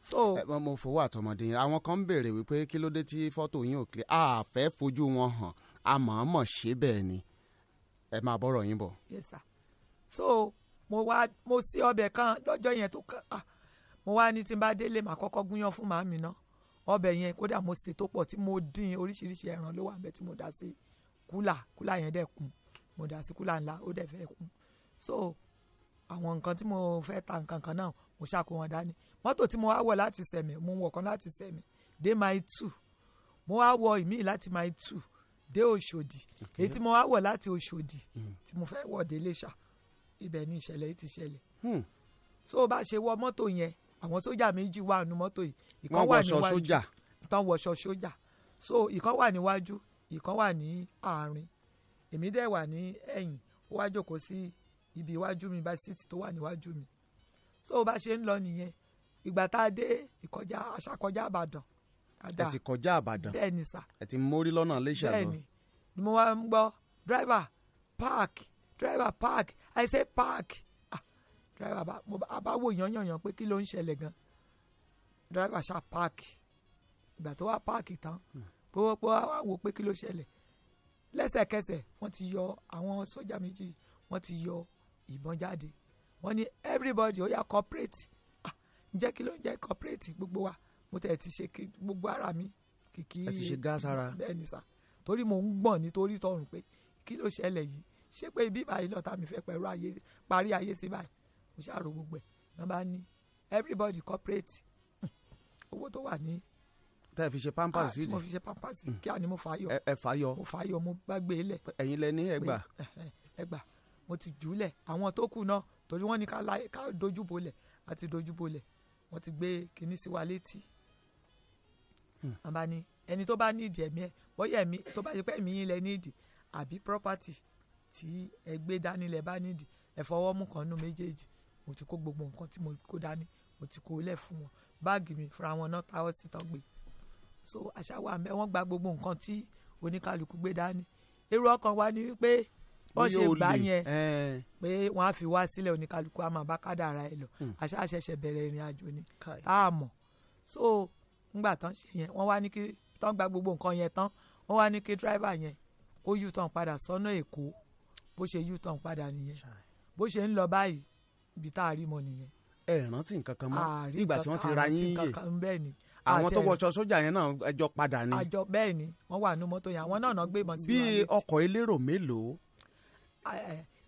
so mo fowó àtọmọdé àwọn kan ń béèrè wípé kí ló dé tí fọ́tò yín ò clear àfẹ́ fojú wọn hàn a ṣe bẹ́ẹ̀ ni ẹ máa bọ́rọ̀ yín bọ̀. yes sir so mo wá mo sí ọbẹ̀ kan lọ́jọ́ yẹn tó kàn á ah, mo wá ní tí n bá délé màá kọ́kọ́ gúnyán fún màmí náà ọbẹ̀ yẹn kódà mo sè tó pọ̀ tí mo dín oríṣiríṣi ẹran ló wà ń bẹ tí mo dá sí kúlà kúlà yẹn dẹ̀ kún mo dá sí kúlà ńlá ó dẹ̀ fẹ́ kún so àwọn nǹkan tí mo fẹ́ ta nǹkan kan náà mo ṣàkó wọn dání mọ́tò tí mo wá wọ̀ láti sẹ̀mẹ̀ mo wọ̀ kan láti sẹ̀mẹ̀ dé mile two mo wá wọ ìmíì láti mile two dé Òṣòdì èyí tí mo wá wọ̀ láti Òṣòdì hmm. tí mo fẹ́ wọ̀ dé Iléṣà ibẹ̀ ni ìṣẹ̀lẹ̀ yìí ti ṣẹlẹ̀ hmm. so bá ṣe wọ mọ́tò yẹn àwọn sójà méjì wà nù mọ́tò yìí ìkan wà níwájú ìtàn wọṣọ sójà so ìkan wà níwájú ìkan wà ní àárín èmi dẹ̀ wà ní ẹ̀yìn ó wá jòkó sí ibi iwájú mi bá síìtì tó wà níwájú mi so bá ṣe ń lọ nìyẹn ìgbà tá a dé ìkọjá àṣàkọjá Ìbàdàn ẹ ti kọjá àbàdàn bẹ́ẹ̀ni sà ẹ ti mórí lọ́nà iléṣà lọ bẹ́ẹ̀ni ni mo wá ń gbọ́ driver park driver park i say park ah driver bá mo bá wò yànyànyàn pé kí ló ń ṣẹlẹ̀ gan driver ṣá park ìgbà tó wá park tán pọ́wọ́pọ́ wá wò pé kí ló ṣẹlẹ̀ lẹ́sẹ̀kẹsẹ̀ wọ́n ti yọ àwọn sójà méjì wọ́n ti yọ ìbọn jáde wọ́n ní everybody ó yá cooperate ah ǹjẹ́ kí ló ń jẹ́ cooperate gbogbo wa mo tẹ̀ ti ṣe gbogbo ara mi kìkì ẹ ti ṣe gáàsì ara bẹ́ẹ̀ ni sà torí mo ń gbọ̀n nítorí tọrùn pé kí ló ṣẹlẹ̀ yìí ṣé pé ibi báyìí lọ́tà mi fẹ́ pẹ̀lú ayé parí ayé sí báyìí mo ṣàrò gbogbo ẹ̀ ló bá ní everybody cooperate owó tó wà ní. tẹ́ ẹ fi ṣe pampers yìí ah, tí mo fi ṣe pampers hmm. kí àní mo fà yọ ẹ fà yọ mo fà yọ mo bá gbé e lẹ̀. ẹ̀yin lẹ ní ẹgbà. ẹgbà mo ti jù ú lẹ̀ àwọn tó kù náà torí wọ́n ní ká dojú bolẹ̀ àti dojú bolẹ̀ wọ́n ti gbé kinní sí wa létí wọn bá ẹni tó bá nídìí ẹ̀mí ẹ̀ bóyá ẹ̀mí tó bá ṣe pé ẹ̀mí yín lẹ nídìí àbí property tí ẹ gbé dání lẹ bá nídìí ẹ fọwọ́ mú kan nú méjèèjì mo ti kó gbogbo nǹkan tí mo kó dání mo ti kó lẹ̀ fún wọn báàgì mi fúnra wọn náà táwọ́ sí tán gbé so àṣà wa ń bẹ wọ́n gba gbogbo nǹkan tí oníkálukú gbé dání èrò ọkàn wa ni wípé wọ́n ṣe gbà yẹn eh. pé wọ́n á fi wá sílẹ̀ oníkálukú àmọ́ bá kádàrá ẹ lọ hmm. àṣà àṣẹ̀ṣẹ̀ bẹ̀rẹ̀ ìrìn àjò ni tá a mọ̀ so ńgbà tán ṣe yẹn wọ́n wá ní kí tán gba gbogbo nǹkan yẹn tán wọ́n wá ní kí dírẹ́fà yẹn kó u-turn padà sọ́nà èkó bó ṣe u-turn padà nìyẹn bó ṣe ń lọ báyìí ibi tá a rí mọ nìyẹn. ẹ rántí nǹkan kan mọ́ ìgbà tí wọ́n ti ra yín yè àwọn tó wọṣọ sójà yẹn náà ẹjọ padà ni. àjọ bẹ́ẹ̀ ni wọ́n wà ní mọ́tò yẹn àwọn náà náà gbé ìbọn sí wọn. bí ọkọ̀ elérò mélòó.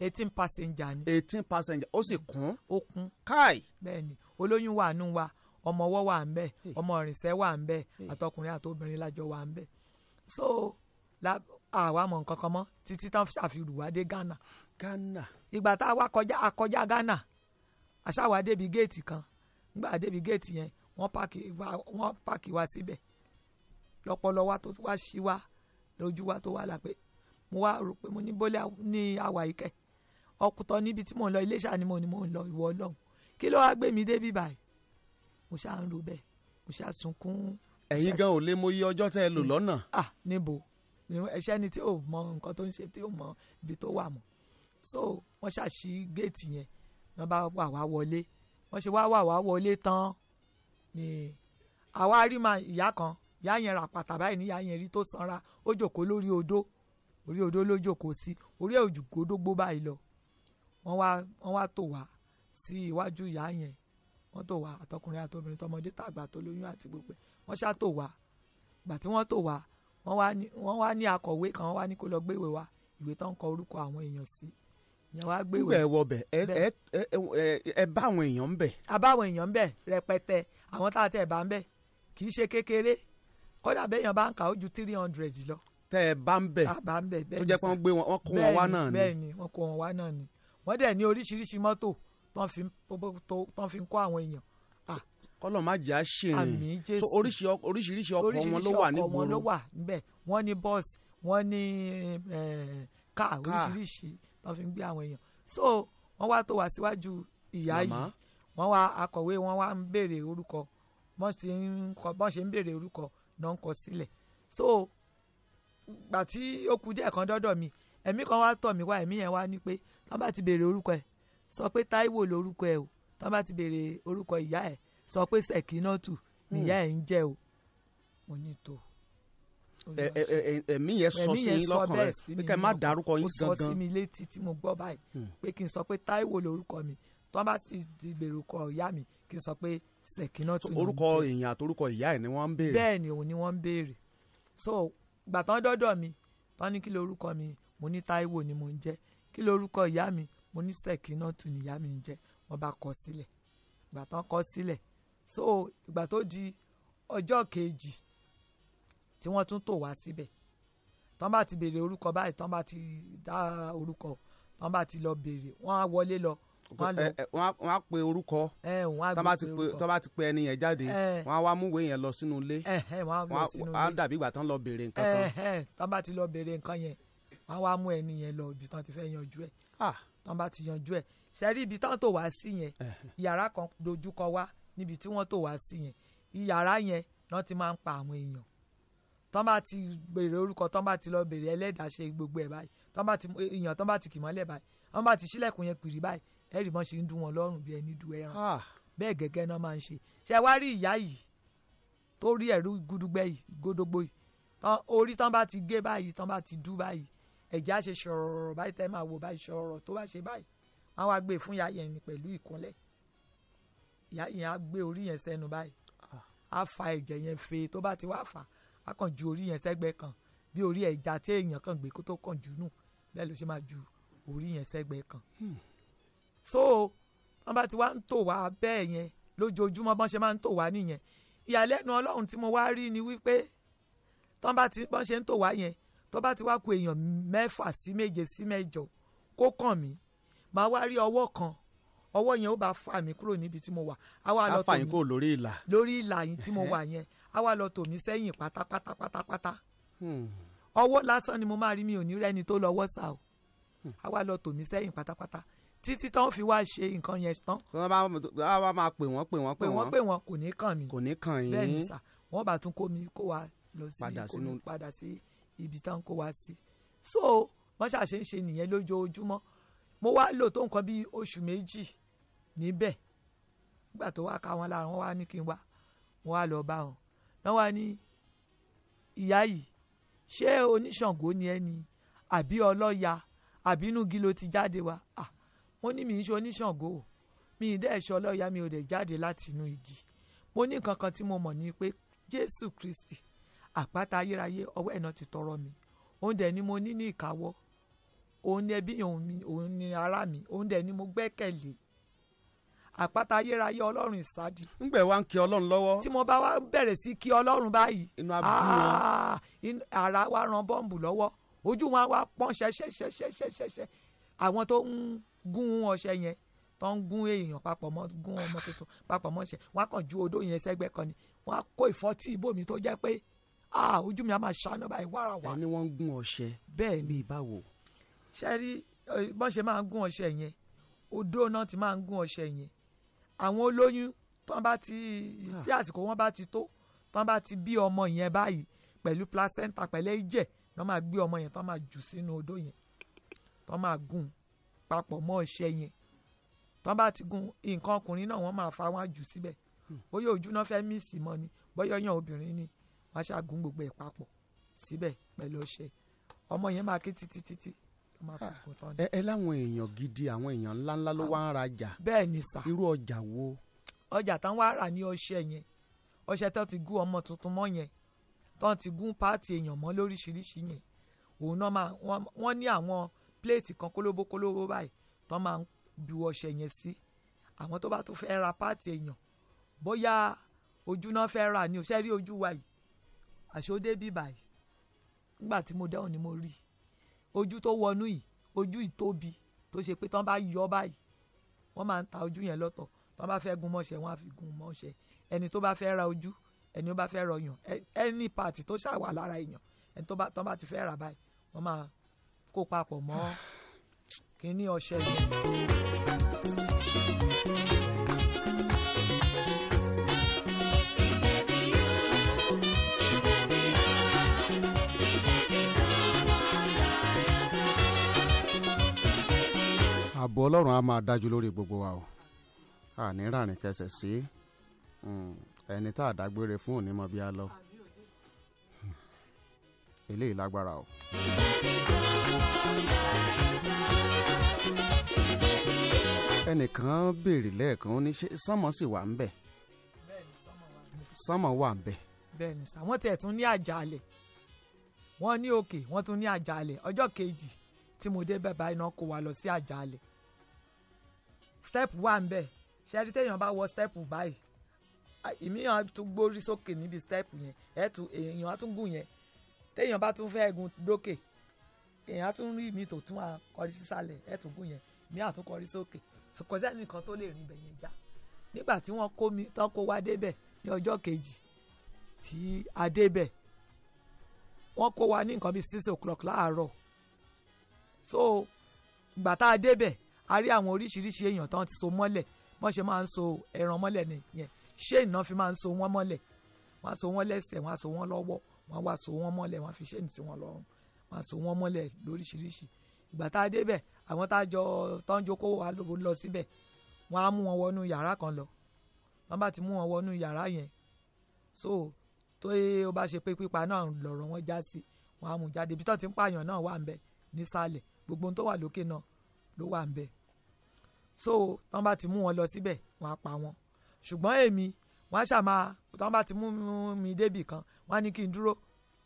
eighteen passenger ni. eighteen passenger ó sì kún. ó kún. káì. bẹ́ẹ̀ ni olóyún wà nù wa ọmọ ọwọ́ wà ń bẹ̀ ọmọ ìrìnsẹ̀ wà ń bẹ̀ àtọkùnrin àtobìnrin lájọ wà ń bẹ̀ so àwa mọ̀ nǹkan kan mọ́ títí tán ṣàfihàn wá dé Ghana. Ghana. ìgbà tá a wá kọjá a kọjá Ghana àṣàwà débi géètì kan nígbà débi géètì yẹn wọ́n pààkì wá wọ́n pààkì wá síbẹ̀ lọ́pọ̀lọ́ wa tó wá sí wa lójú wa tó wà lápẹ́ mo wá rò pé mo ní bólẹ̀ ní àwà ìkẹ́ ọkùtọ̀ níbi tí mò ń lọ Iléṣà ni mo ní mò ń lọ ìwọ ọlọ́run kí ló wá gbé mi débi báyìí mo ṣáà ń ro bẹ́ẹ̀ mo ṣáà sunkún. ẹ̀yin gan ò lè mọ iye ọjọ́ tẹ́ ẹ lò mm. lọ́nà. ah níbo ẹṣẹ́ ni tí ò mọ nǹkan tó ń ṣe tí ò mọ ibi tó wà mọ́ so wọ́n ṣàṣì géètì yẹn wọ́n bá wà wá wọlé wọ́n ṣe wá wà wá wọlé tán ni àwa rí ma ìyá kan ìyá yẹn ràpàtà báyìí ní ìyá yẹn rí tó sanra ó jòkó lórí odó orí odó ló jòkó sí orí òjòkó dógbó báyìí lọ wọ́n wá wọ́n wá tò wá sí iwájú ìyá yẹn wọ́n tò wá àtọkùnrin àtobìnrin tọmọdé tàgbà tó lóyún àti gbogbo wọ́n ṣá tò wa gbà tí wọ́n tò wa wọ́n wá ní akọ̀wé kan wọ́n wá ní kó lọ gbé ìwé wa ìwé tó ń kọ orúkọ àwọn èèyàn sí ìyẹn wá gbé ìwé. ìwé wọbẹ ẹ ẹ ẹ bá àwọn èèyàn ń bẹ. a bá àwọn èèyàn ń bẹ rẹpẹtẹ àwọn tá a tẹ bá ń bẹ kì í ṣe kékeré kódà béèyàn bá ń kà ó ju three hundred lọ. tẹ ẹ bá ń bẹ tó jẹ́ pé wọ́n kó wọn wá náà ni. bẹ́ẹ̀ni wọ́n kó wọn wá náà ni wọ́n dẹ̀ ní oríṣiríṣi mọ́tò tán fi tán fi ń kọ́ àwọn èèyàn. Ah. kọ́lọ̀ má jẹ́ àṣeyìn so oríṣiríṣi ọkọ̀ wọn ló wà nígboro. oríṣiríṣi ọkọ̀ wọn ló wà níbẹ̀ wọ́n ní bọ́ọ̀sì wọ́n ní káà oríṣiríṣi tán fi ń gbé àwọn èèyàn so wọ́n wá tó wá síwájú ìyá yìí wọ́n wá akọ̀wé wọ́n wá ń béèrè orúkọ wọ́n ṣe ń béèrè orúkọ náà ń kọ sílẹ̀ so gbà tí ó kù díẹ̀ kan dọ́dọ̀ mi ẹ̀mí kan wá tọ̀ mí wá ẹ̀mí yẹn wá ní pé tọ́ bá ti béèrè orúkọ ẹ̀ sọ pé Táíwò lórúkọ ẹ o tó bá ti béèrè orúkọ ìyá ẹ sọ pé Sẹ̀kínátù nìyá hmm. ẹ ń jẹ́ o mo ní tó ẹ̀mí yẹn sọ sí yín lọ́kàn rẹ̀ pé kẹ́ ẹ má dárúkọ yín gangan. ó sọ sí mi létí tí mo gbọ́ báyìí hmm. pé kí n sọ pé Táíwò lórúkọ mi tọ́ bá sì di gbèrúkọ ìyá mi kí n sọ pé Sẹ̀kínátù ni. orúkọ èèyàn àtorúkọ ìyá ẹ̀ ni wọ́n ń béèrè. bẹ́ẹ̀ ni òun ni wọ́n ń béèrè so gbà tán dọ́dọ̀ mi tán ní kí lorúkọ mi mo ní Táíwò ni mo ń jẹ́ kí lorúkọ ìyá mi mo ní sẹ̀kínọ́tù níyà mi ń jẹ́ wọ́n bá kọ sílẹ̀ ìgbà tán kọ sílẹ̀ so ìgbà tó di ọjọ́ kejì tí wọ́n tún tò wá síbẹ̀ tán bá ti béèrè orúkọ báyìí tán bá ti dá orúkọ tán bá ti lọ béèrè wọ́n á wọlé lọ wọ́n á pe orúkọ tán bá ti pe ẹni yẹn jáde wọ́n á wá múwèé yẹn lọ sínú ilé wọ́n á dàbí ìgbà tán lọ béèrè nǹkan kan tán bá ti lọ béèrè nǹkan yẹn wọ́n á wá mú ẹni yẹn lọ ibi tán ti fẹ́ yanjú ẹ̀ ah tán bá ti yanjú ẹ̀ sẹ́rí ibi tán tó wá sí yẹn yàrá kan dojúkọ wá níbi tí wọ́n tó wá sí yẹn yàrá yẹn náà ti máa ń pa àwọn èèyàn tán bá ti béèrè orúkọ tán bá ti lọ béèrè ẹlẹ́dàá gbogbo ẹ̀ báyìí tán bá ti èèyàn tán bá ti kì mọ́lẹ̀ báyìí wọ́n bá ti ṣílẹ̀kùn yẹn pìrì báyìí ẹ̀rì mọ́ ṣe ń dùn wọn lọ́rùn bí ẹni du ẹran ah. bẹ́ẹ̀ gẹ́gẹ́ náà máa ń ṣe ṣe wá rí ìyá yìí tó rí ẹ̀rú gudugbẹ́ yìí gódógbó yìí orí tán bá ti gé báyìí tán bá ti dú báyìí ẹ̀já ṣe ṣọ̀rọ̀ báyìí tẹ́ máa wò báyìí ṣọ̀rọ̀ tó bá ṣe báyìí wọ́n wá gbé e fún yáyẹn ni pẹ̀lú ìkúnlẹ̀ yáyẹn á gbé orí yẹn sẹ́nu báyìí ah. á fa ẹ̀jẹ̀ yẹn fe tó bá ti wá fà á kàn ju orí yẹn sẹ́gbẹ́ kan bí orí ẹja tí èèyàn kàn gbé kó tó kàn jù nù bẹ́ẹ̀ ló ṣe máa ju orí yẹn sẹ́gbẹ́ kan. Hmm. so wọ́n bá ti wá ń tò wá bẹ́ẹ̀ yẹn lójoojúmọ́ bọ́n ṣe máa ń tò wá nìyẹn ìyàlẹ́nu ọlọ́run tí mo wá rí ni wípé tọ́n bá tó bá ti wá ku èèyàn mẹ́fà sí méje sí mẹ́jọ kó kàn mí màá wá rí ọwọ́ kan ọwọ́ yẹn ó bá fà mí kúrò níbi tí mo wà á wá lọ tòmí á fà yín kúrò lórí ìlà lórí ìlà yín tí mo wà yẹn á wá lọ tòmí sẹ́yìn pátápátá pátápátá hmm. ọwọ́ lásán ni mo máa rí mi ò ní rẹ́ni tó lọ́wọ́ sá o á hmm. wá lọ tòmí sẹ́yìn pátápátá títí tán fi wá ṣe nǹkan yẹn tán. tọ́lá bá wá máa pè wọ́n pè wọ́n pè wọ́n pè wọ́n kò ní kàn mí kò ní kàn yín bẹ́ẹ̀ ni sà wọ́n bá tún kó mi kó wa lọ sí kó mi padà sí ibi tá ń kó wa sí so wọ́n ṣàṣe ń ṣe nìyẹn lójoojúmọ́ mo wá lò tó nǹkan bíi oṣù méjì níbẹ̀ nígbà tó wá ká wọn lára wọn wá ní kí n wá wọn wá lọ bá wọn náà wá ní ìyá yìí ṣé oníṣàngó ni ẹ ni àbí ọlọ́ya àbí inú igi ti jáde wá ah mo ní mi ń ṣe oníṣàngó o mi ì dẹ́ ṣe ọlọ́ya mi ò dẹ̀ jáde láti inú igi mo ní kankan tí mo mọ̀ ni pé Jésù Kristi àpáta ayérayé ọwọ́ ẹ̀ náà ti tọrọ mi òun dẹ̀ ni mo ní ní ìkáwọ́ òun ni ẹbí mi òun ni ará mi òun dẹ̀ ni mo gbẹ́kẹ̀lé àpáta ayérayé ọlọ́run ìsádi. ń gbẹ̀ wá ń kí ọlọ́run lọ́wọ́. tí mo bá wá bẹ̀rẹ̀ sí kí ọlọ́run báyìí. inú abúlé ah, ara wa ran bọ́ǹbù lọ́wọ́ ojú wa wá pọ́n ṣẹṣẹṣẹṣẹṣẹṣẹ àwọn tó ń gún ọṣẹ yẹn tó ń gún èèyàn papọ̀ mọ́ gún ọmọ tuntun papọ̀ mọ́ ṣẹ wọ́n á kàn ju odó yẹn sẹ́gbẹ́ kan ni wọ́n kó ìfọ́tí ibòmí tó jẹ́ pé ah ojú mi a máa ṣàánú báyìí wàràwà. ẹni wọ́n ń gún ọṣẹ. bẹ́ẹ̀ ni ìbáwo. sẹ́rí bọ́n ṣe máa ń gún ọṣẹ yẹn odó náà ti máa ń gún ọṣẹ yẹn àwọn olóyún tán bá ti ah. tí àsìkò wọn bá ti tó tán bá ti bí ọmọ yẹn báyìí pẹ̀lú placenta pẹ̀lú ẹ̀jẹ̀ tán máa gbé ọmọ yẹn tán máa jù sínú odó yẹn tán máa gún papọ̀ mọ́ ọṣẹ yẹn tán bá ti gún nǹkan ọkùnrin náà wọ́n máa fa wọn jù síbẹ̀ hmm. bóyá ojú náà fẹ́ mí sí mọ́ ni bóyá ọyàn obìnrin ni wàá ṣàgùn gbogbo ẹ̀ papọ̀ síbẹ̀ pẹ̀lú ọṣẹ ọmọ yẹn máa ké títí títí tó máa fi kún ah, tán. ẹ láwọn èèyàn gidi àwọn èèyàn ńláńlá ló ah, wá ń rajà. bẹ́ẹ̀ ni sà. irú ọjà wo. ọjà tán wá rà ní ọṣẹ yẹn ọṣẹ tán ti gún ọmọ tuntun mọ́ yẹn tán ti gún páàtì èèyàn mọ́ lóríṣiríṣi yẹn òun náà máa wọ́n ní àwọn pléètì kan kólóbó kólóbó báyìí tán máa ń bu ọṣẹ yẹn sí àwọn tó bá tó fẹ́ ra páàtì èèyàn bóyá ojú náà fẹ́ rà ní òṣèré ojú wa yìí àṣọdé bíi báyìí nígbà tí mo dáhùn ni mo rí ojú tó wọnú yìí ojú ìtóbi tó ṣe pé tán bá yọ báyìí wọ́n máa ń ta ojú yẹn lọ́tọ̀ tán bá fẹ́ gun mọ́ṣẹ́ wọ́n á fi gun mọ́ṣẹ́ ẹni tó bá fẹ́ ra ojú ẹni ó bá fẹ́ ra ọyàn ẹni pàtì tó ṣàwà lára èèyàn ẹni tó bá tán bá ti fẹ́ rà báyìí wọ́n máa kó papọ̀ mọ́ kínní ọṣẹ yìí. ààbò ọlọ́run á máa dájú lórí gbogbo wa o àní ràrìn kẹsẹ̀ sí hmm, ẹni tá a dágbére fún òní mọ bí a lọ hmm, eléyìí lágbára o. ẹnìkan béèrè lẹ́ẹ̀kan ó ní ṣé sánmọ̀ sì wà ń bẹ̀ sánmọ̀ wà ń bẹ̀. bẹ́ẹ̀ni sàwọn wọn tún ní àjàalẹ̀ wọn ní òkè wọn tún ní àjàalẹ̀ ọjọ́ kejì tí mo dé bẹ́ẹ̀ báyìí náà kó wa lọ sí àjàalẹ̀ step wà ń bẹ̀ ṣẹ́rí téèyàn bá wọ step báyìí ah, ìmíyàn á tún gbórí sókè níbi step yẹn ẹ̀ tún èèyàn á tún gùn yẹn téèyàn bá tún fẹ́ gun dókè èèyàn á tún rí mi tó tún á kọrí sísàlẹ̀ ẹ̀ tún gùn yẹn mi á tún kọrí sókè kò sẹ́ni kan tó lè rìn bẹ̀ yẹn já nígbà tí wọ́n kó mi tán kó wá débẹ̀ ní ọjọ́ kejì tí a débẹ̀ wọ́n kó wa ní nǹkan bíi six o'clock láàárọ̀ so gbàtà débẹ̀ a rí àwọn oríṣiríṣi èèyàn tán ti so mọ́lẹ̀ wọ́n ṣe máa ń so ẹran mọ́lẹ̀ nìyẹn ṣé iná fi máa ń so wọ́n mọ́lẹ̀ wọ́n á so wọ́n lẹ́sẹ̀ wọ́n á so wọ́n lọ́wọ́ wọ́n á wá so wọ́n mọ́lẹ̀ wọ́n á fi ṣéènì sí wọn lọ́rùn wọ́n á so wọ́n mọ́lẹ̀ lóríṣiríṣi ìgbà tá a débẹ̀ àwọn tá a jọ tọ́jú kó wa lọ síbẹ̀ wọ́n á mú wọn wọnú yàrá kan lọ wọ́n bá ti mú wọn wọnú yàrá yẹn so tó yẹ ó bá ṣe pé pípa náà lọ̀rọ̀ wọn já sí wọ́n á mú jáde ibi tó ti ń pààyàn náà wà ń bẹ nísàlẹ̀ gbogbo ohun tó wà lókè náà ló wà ń bẹ so tán bá ti mú wọn lọ síbẹ̀ wọ́n á pa wọn ṣùgbọ́n èmi wọ́n á ṣàmà tán bá ti mú mi débì kan wọ́n á ní kí n dúró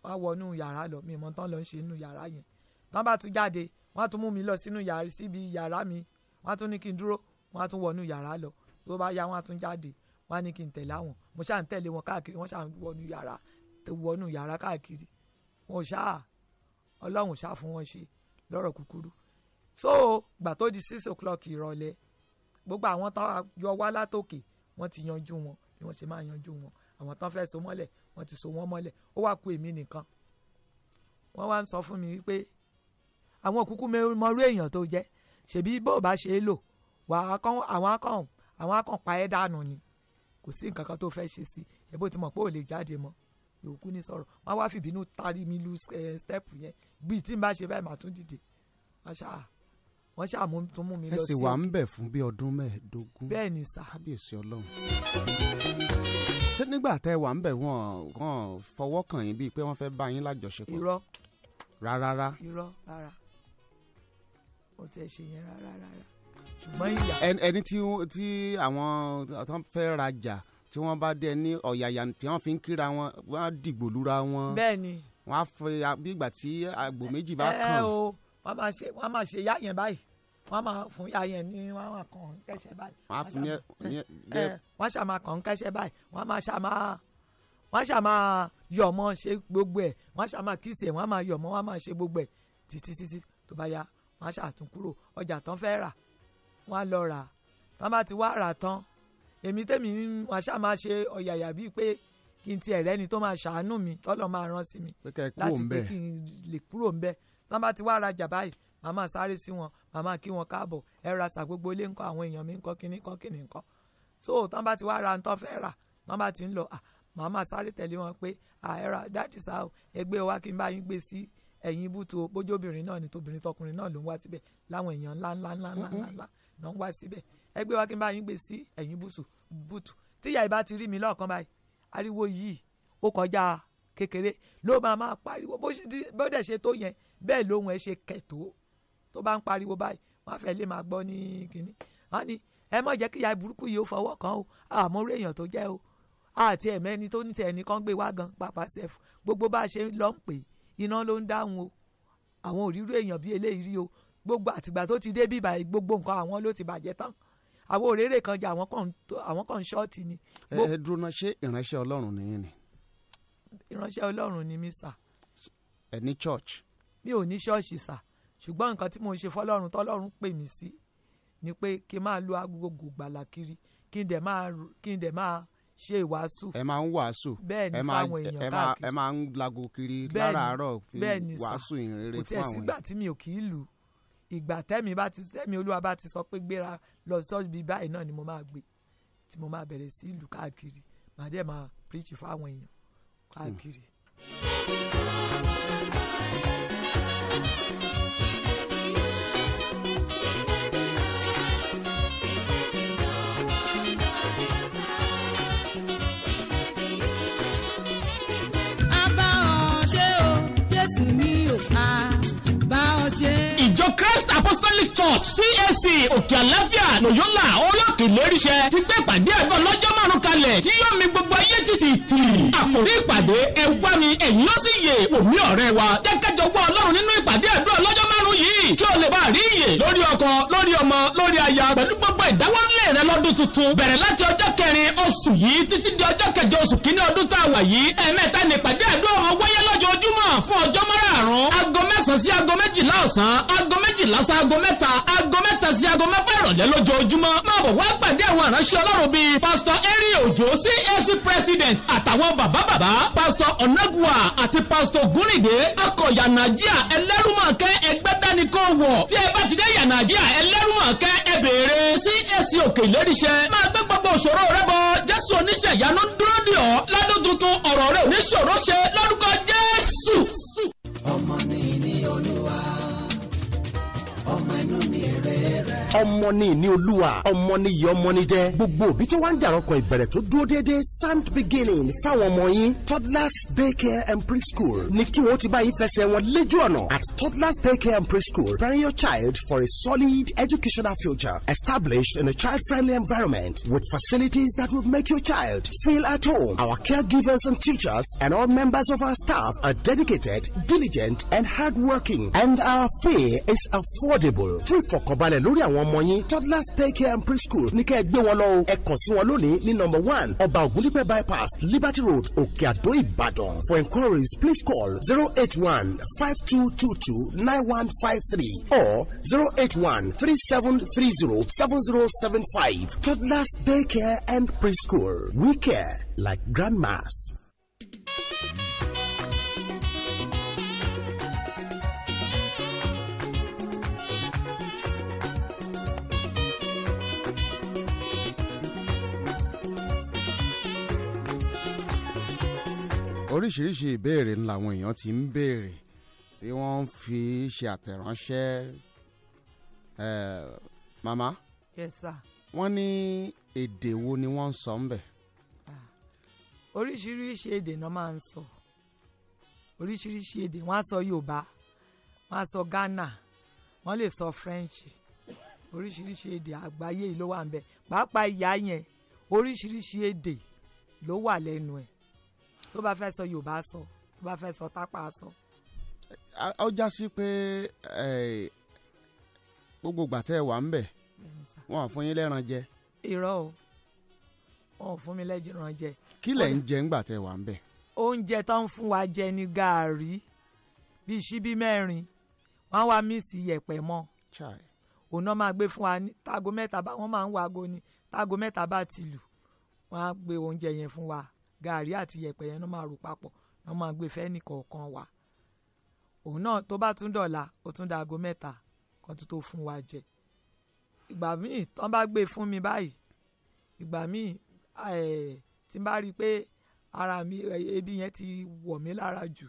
wọ́n á wọnú yàrá lọ mi ìmọ̀ tán lọ ń ṣe nínú yàrá yẹn tán bá tún jáde wọ́n á tún mú mi lọ sínú yàrá síbi yàrá mi wọ́n á tún ní kí n dúró wọ́n á tún wọnú yàrá lọ tó bá yá wọ́n á tún jáde wọ́n á ní kí n tẹ̀lé àwọn mo ṣáà ń tẹ̀lé wọn káàkiri wọ́n ṣáà ń wọnú yàrá wọnú yàrá káàkiri wọn ṣáà ọlọ́run ṣáà fún wọn ṣe lọ́rọ̀ kúkúrú so gbà tó di six o'clock ìrọ̀lẹ́ gbogbo àwọn tó yọ wá látòkè wọ́n ti yanjú wọn bí wọ́n ṣe máa yanjú wọn àwọn tó fẹ́ so mọ́lẹ̀ wọ́n ti so wọ́n mọ́lẹ̀ ó wá ku èmi nìkan wọ́n wá ń sọ fún mi wípé àwọn òkúkú mọrú èèyàn tó jẹ́ ṣèbí bó o bá ṣe é lò wà àwọn akọ̀hún àwọn akọ̀hún pa ẹ́ dànù ni kò sí nǹkan kan tó fẹ́ ṣe sí ṣe bó ti mọ̀ pé ò lè jáde mọ́ yòókù ní sọ̀rọ̀ wọ́n wá fìbínú tarí mi lu eh, stẹ́ẹ̀pù yẹn bí tí n bá ṣe báyìí màá tún dìde wọ́n ṣáà wọ́n ṣàmú tó mú mi lọ sí. ẹ sì wà ń bẹ̀ fún bí ọdún mẹ́ẹ̀ẹ́dógún. bẹ́ẹ̀ ni sà. kábíyèsí ọlọ́run. ṣé nígbà tẹ́ wà ń bẹ̀ wọ́n wọ́n fọwọ́ kàn yín bíi pé wọ́n fẹ́ bá yín lájọṣepọ̀. irọ́ rárá. irọ́ rárá mo tiẹ̀ ṣe yẹn rárá rárá ṣùgbọ́n ìyá. ẹni tí àwọn tó fẹ́ rajà tí wọ́n bá dé ní ọ̀yàyà tí wọ́n fi ń kíra wọn wọ́n á dìgbòlúra wọn. bẹ́ẹ̀ ni. wọ́n á fọ bí ìgbà tí àgbò méjì bá kàn. ẹ o wọ́n máa ṣe wọ́n máa ṣe yá yẹn báyìí wọ́n máa fún yá yẹn ní wọ́n máa kàn ń kẹ́sẹ̀ báyìí. wọ́n á fún yẹn yẹn. wọ́n ṣà máa kàn ń kẹ́sẹ̀ báyìí wọ́n máa ṣà máa wọ́n ṣà máa yọ̀ mọ́ ṣe gbogbo ẹ̀ wọ́n ṣà máa kíṣe máa yọ̀ mọ́ máa ṣe gbogbo ẹ̀ títí títí tó bá yá wọ́n ṣà kúrò ọjà tán fẹ́ rà wọ́n lọ rà tán bá ti wá rà tán èmi tèmi wọ́n ṣà ṣe ọ̀yàyà bíi pé kí n tiẹ̀ rẹ́ni tó máa ṣàánú mi tọ́lọ́ máa rán sí mi láti pé kí n lè kúrò ń bẹ́ẹ̀ tán bá ti wá rajà báyìí màmá sáré sí wọn màmá kí wọn káàbọ̀ ẹ ra sà gbogbo ilé ńkọ́ àwọn èèyàn mi ńkọ́ kíní ńkọ́ kíní ńkọ́ so tán bá ti wá ra ntán fẹ́ rà tán bá ti ń lọ màmá sáré tẹ̀lé wọn pé ẹ ra dáàdì sá o ẹgbẹ́ wa kí n bá yín gbé sí ẹ̀yìn ibùtò bójóbìnrin náà ni tóbìnrin tọkùnrin náà ló ń wá síbẹ̀ láwọn èèyàn ńláńláńláńláńlá náà ń wá síbẹ̀ ẹgbẹ́ wa kí n bá yín gbé sí ẹ̀yìn ibùtò tíyà ìbá ti rí mi lọ́ọ̀kan báyìí ariwo yìí ó kọjá kékeré ló máa máa pariwo bó dẹ̀ ṣe tó yẹn bẹ́ẹ̀ lóhùn ẹ ṣe kẹ̀tó tó bá ń pariwo báyìí wọ́n á fẹ́ lè máa gbọ́ ní kínní wọ́n ní ẹ má jẹ́ kí ìyá burúkú yìí ó fọwọ́ kan o àmọ́ orí èèyàn tó jẹ́ o àti ẹ̀mẹ́ni tó ní tẹ̀ nìkan gbé wá gan pàpà sẹ́fù gbogbo bá a ṣe lọ ń pè iná ló ń dáhùn o àwọn òrírú èèyàn bíi eléyìí rí o gbogbo àtìgbà tó ti dé bíbà gbogbo nǹkan àwọn ló ti bàjẹ́ tán àwọn òréré kan jà àwọn kan ṣọ́ọ̀tì ni. ẹ dúró náà ṣé ìránṣẹ́ ọlọ́run nìyẹn ni. ìránṣẹ́ ọlọ́run ni mí sà. ẹ ní church mi ò ní ṣọ́ọ̀ṣì sà ṣùgbọ́n nǹkan tí mo ń ṣe fọlọ́run tọ́lọ́run pè mí sí ni pé kí n máa lu agogo gbàlà kiri kí n dẹ̀ máa kí n dẹ̀ máa ṣe ìwàásù. ẹ máa ń wàásù bẹ́ẹ̀ ni fáwọn èèyàn káàkiri ẹ máa ń lago kiri láràárọ̀ fi wàásù ìrere fún àwọn èèyàn. kò tiẹ̀ sígbà tí mi ò kì í lù ú ìgbà tẹ́mi bá ti tẹ́mi olúwa bá ti sọ pé gbéra lọ sọ́ọ̀jù bíi báyìí náà ni mo máa gbé tí mo máa bẹ̀rẹ̀ sí ìlú káàkiri màá dẹ̀ máa preach fáwọn èèyàn káàkiri. Hmm ìjọ christ Apostolic Church CAC òkè àlàáfíà lòyọ́là olókè lóríṣẹ́ ti gbé ìpàdé ẹ̀gbọ́n lọ́jọ́ márùn kalẹ̀ tí yóò mi gbogbo ayé títì tì. Àkòrí ìpàdé ẹ wá mi ẹ̀yin ó sì yè òmí ọ̀rẹ́ wa. Jẹ́kẹ́jọ gbọ́ Ọlọ́run nínú ìpàdé ẹ̀gbọ́n lọ́jọ́ márùn yìí kí o lè bá rí iyè lórí ọkọ lórí ọmọ lórí aya pẹ̀lú gbogbo ìdáwọ́lé rẹ lọ́dún tuntun. Bẹ̀rẹ̀ láti ọjọ́ kẹrin oṣù yìí títí di ọjọ́ kẹjọ oṣù kínní ọdún tá a wà yìí ẹ̀ẹ̀mẹ́ta nípàdé ẹ̀gbọ́n ọmọ wáyé lọ́jọ́ ojúmọ́ fún ọjọ́ márùn-ún. Aago mẹ́sàn-án sí aago méjìlá ọ̀sán aago méjìlá sí aago mẹ́ta aago mẹ́ta sí aago mẹ́fà ìrọ̀lẹ́ lójoojúmọ́ máa bọ̀ wá pàdé àwọn ìránṣẹ́ ọlọ́run bíi pásítọ̀ eré òjò CAC president àtàwọn bàbá bàbá pásítọ̀ ọ̀nàgùwà àti pásítọ̀ gúnrìndé akọ̀yà nàjíà ẹlẹ́rùmọ̀kẹ́ ẹgbẹ́dánikọ̀wọ̀ tí ẹ bá ti dé yànàjíà ẹlẹ́rùmọ̀kẹ́ ẹ béèrè CAC òkè ìléríṣẹ́ máa gbé gbogbo òṣòro rẹ bọ jésù oníṣẹ́ ìyanu ń dúró dì ọ́ ládùn tuntun ọ̀rọ̀ rẹ ò ṣe lórúkọ jésù. ọmọ ni olúwa. ọmọ ni ìní olúwa ọmọ ni ìyá ọmọ ni jẹ́ gbogbo òbí tó wá ń dàrọ́kọ ìbẹ̀rẹ̀ tó dúró déédéé sand beginning fáwọn ọmọ yín toddlers daycare and preschool ní kí wọ́n ti bá yín fẹsẹ̀ wọn ọ̀nà at toddlers daycare and preschool prepare your child for a solid educational future established in a child-friendly environment with facilities that will make your child feel at home. Our caregivers and teachers and all members of our staff are dedicated, diligent, and hardworking, and our fee is affordable. Free for lórí àwọn ọmọ yín toddlers daycare and preschool ní kẹ́ ẹ gbé wọn lọ o ẹ kàn sí wọn lónìí ní number one ọba ògúnlípẹ̀ bypass liberty road òkè àdó ìbàdàn for inquiries please call zero eight one five two two two nine one five three or zero eight one three seven three zero seven zero seven five toddlers daycare and preschool we care like grandmas. oríṣiríṣi ìbéèrè làwọn èèyàn ti ń béèrè tí wọ́n ń fi ṣe àtẹ̀ránṣẹ́ mama. yes sir. wọ́n ní èdè wo ni wọ́n ń sọ ń bẹ̀. Ah, oríṣiríṣi èdè náà máa ń sọ oríṣiríṣi èdè wọ́n á sọ yorùbá wọ́n á sọ ghana wọ́n lè sọ french oríṣiríṣi èdè àgbáyé yìí ló wà ń bẹ̀ pàápàá ìyá yẹn oríṣiríṣi èdè ló wà lẹ́nu ẹ̀ tó bá fẹ́ sọ Yorùbá sọ tó bá fẹ́ sọ tápà sọ. ó já sí pé gbogbo gbàtẹ́ wà ń bẹ̀ wọn à fún yín lẹ́ran jẹ. irọ́ o wọn ò fún mi lẹ́ran jẹ. kí lẹ̀ ń jẹ ńgbà tẹ́ wà ń bẹ̀. oúnjẹ tó ń fún wa jẹ ni gàárì bíi ṣíbí mẹ́rin wọ́n á wá míìsì yẹ̀pẹ̀ mọ́ òun náà máa gbé fún wa ní táago mẹ́ta bá wọ́n máa ń wago ni táago mẹ́ta bá ti lù wọ́n á gbé oúnjẹ yẹn fún wa gàrí àti yẹ̀pẹ̀ yẹn náà máa rò papọ̀ náà máa gbé fẹ́ẹ́nì kọ̀ọ̀kan wá òun náà tó bá tún dọ̀la ó tún da aago mẹ́ta kan tó tó fún wa jẹ ìgbà míì tán bá gbé e fún mi báyìí ìgbà míì tí n bá rí i pé ara mi ebi yẹn ti wọ̀ mí lára jù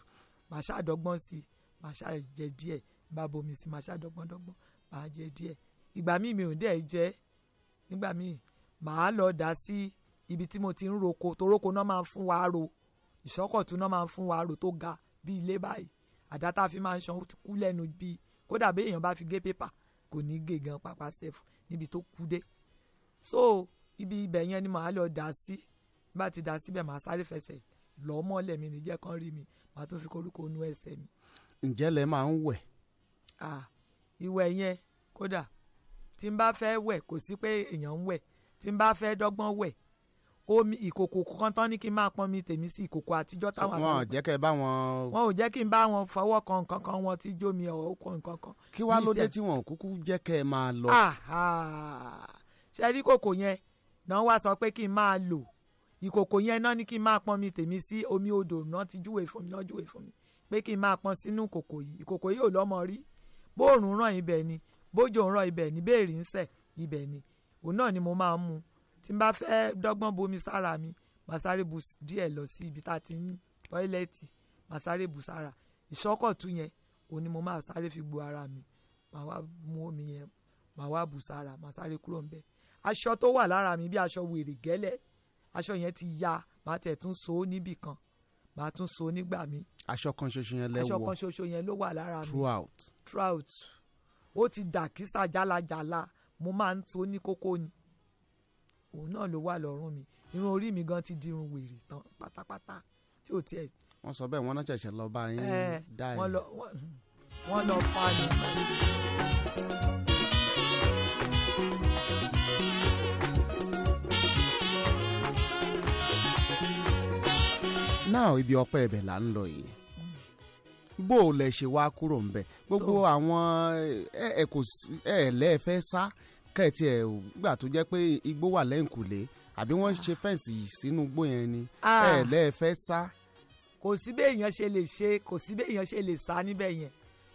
màá ṣàdọ́gbọ́n sí i màá ṣàjẹ díẹ̀ bá bomi sí i màá ṣàdọ́gbọ́n dọ́gbọ́n màá jẹ díẹ̀ ìgbà míì mi ò dẹ̀ jẹ́ nígbà míì màá lọ dà sí ibi tí mo ti ń roko toróko náà máa ń fún wa ro ìṣọ́kọ̀tún náà máa ń fún wa ro tó ga bí ilé báyìí àdá fi máa ń ṣan kú lẹ́nu bí kódà bí èèyàn bá fi gé pépà kò ní gé gan pàpà sẹ́fù níbi tó kú dé so ibi ibẹ̀ yẹn ni màá lọ dà sí bá ti dà síbẹ̀ màá sáré fẹsẹ̀ lọ́ mọ́lẹ̀ mi nìjẹ́ kan rí mi màá tún fi koríko nu ẹsẹ̀ mi. ǹjẹ́ lẹ máa ń wẹ̀. ìwẹ̀ yẹn kódà tí n bá fẹ́ wẹ̀ kò sí pé èèyàn ń wẹ̀ tí n bá fẹ́ dọ́gbọ́n wẹ̀ omi ìkòkò kan tán ní kí n máa pọnmi tèmi sí ìkòkò àtijọ́ táwọn àgbà. wọn ò jẹ́ kẹ́ bá wọn. wọn ò jẹ́ kí n bá wọn fọwọ́ kan nǹkan kan wọn ti jó mi ọ̀hún kan nǹkan kan. kí wàá ló dé tí wọn ò kúkú jẹ́ kẹ́ ẹ máa lọ. ṣe rí kòkò yẹn náà wá sọ pé kí n máa lò ìkòkò yẹn náà ní kí n máa pọnmi tèmi sí omi odò náà ti júwe fún mi náà júwe fún mi pé kí n máa pọn sínú kòkò yìí ìkòkò yìí ò lọ́mọ rí bóòrùn ràn ibẹ̀ ni bójò ń ràn ibẹ̀ ni béèrè ń sẹ̀ ibẹ̀ ni òun náà ni mo máa ń mu tí n bá fẹ́ dọ́gbọ́n bomi sára mi màá sáré bu díẹ̀ lọ sí ibi tá a ti ń tọ́ílẹ̀tì màá sáré bu sára ìṣọ́kọ̀tún yẹn òun ni mo máa sáré fi gbo ara mi màá wá mu omi yẹn màá wá bu sára màá sáré kúrò ń bẹ̀ aṣọ tó wà lára mi bí aṣọ wèrè gẹ́lẹ́ aṣọ yẹn ti ya màá tẹ̀ tún so níbì kan màá tún so nígbà mi. aṣọ kan ṣoṣo yẹn lẹ́wọ̀ aṣọ kan ṣoṣo yẹn ló wà lára mi throughout throughout ó ti dà kí sàjálàjàlà mo máa ń so ní kókó ni òun náà ló wà lọ́rùn mi irun orí mi gan ti di wèrè tán pátápátá tí ò tiẹ̀. wọ́n sọ bẹ́ẹ̀ wọ́n náà ṣẹ̀ṣẹ̀ lọ bá yín dá ẹ̀. wọ́n lọ fa ni. náà ibi ọpẹ́ ibẹ̀ là ń lọ yìí bó o lẹ ṣe wá kúrò ń bẹ gbogbo àwọn ẹ kò ẹ lẹ́ẹ̀fẹ́ sá kẹ́ẹ̀tì ẹ̀ gbà tó jẹ́ pé igbó wà lẹ́yìnkùlé àbí wọ́n ṣe fẹ́ǹsì sínú igbó yẹn ni ah. ẹ̀ lẹ́ẹ̀fẹ́ sá. kò sí bí èèyàn ṣe lè ṣe kò sí bí èèyàn ṣe lè sá níbẹ̀ yẹn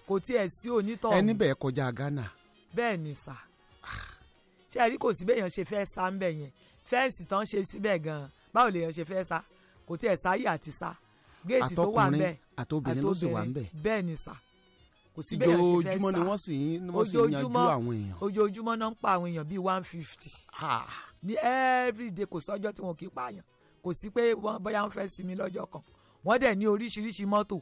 kò tiẹ̀ sí onítọ̀. ẹ níbẹ̀ kọjá Ghana. bẹ́ẹ̀ ni sà ṣe àrí kò sí bí èèyàn ṣe fẹ́ sá níbẹ̀ yẹn fẹ́ǹsì tán ṣe síbẹ̀ gan-an báwo lèèyàn ṣe fẹ́ sá kò tiẹ̀ sáyé àti sá géètì tó wà níbẹ̀ àtọkùnrin àtobìnrin ló sí bẹ́ẹ̀ yóò ṣe fẹ́ sá ojoojúmọ́ ni wọ́n sì ń yanjú àwọn èèyàn ojoojúmọ́ náà ń pa àwọn èèyàn bíi one fifty bí everyday kò sọ́jọ́ tí wọn kì í pààyàn kò sí pé bóyá wọ́n fẹ́ sinmi lọ́jọ́ kan wọ́n dẹ̀ ní oríṣiríṣi mọ́tò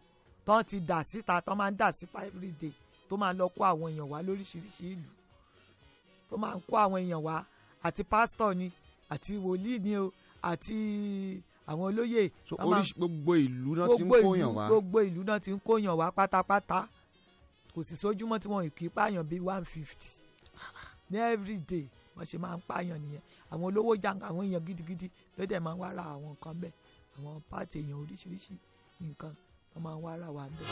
tán ti dà síta tán máa ń dà síta everyday tó máa lọ kó àwọn èèyàn wá lóríṣiríṣi ìlú tó máa ń kó àwọn èèyàn wá àti pásítọ̀ ni àti wòlíì ni o àti àwọn olóyè. so oríṣi gbogbo ìlú náà ti ń kóyàn wá. gbogbo ìlú náà ti ń kóyàn wá pátápátá kò sì sójúmọ́ tí wọn kì í pààyàn bíi one fifty ní every day wọ́n ṣe máa ń pààyàn nìyẹn àwọn olówó jàǹkà àwọn èèyàn gidigidi ló dẹ̀ máa ń wá ra àwọn nǹkan bẹ́ẹ̀ àwọn pààtì èèyàn oríṣiríṣi nǹkan wọ́n máa ń wá ra wa bẹ́ẹ̀.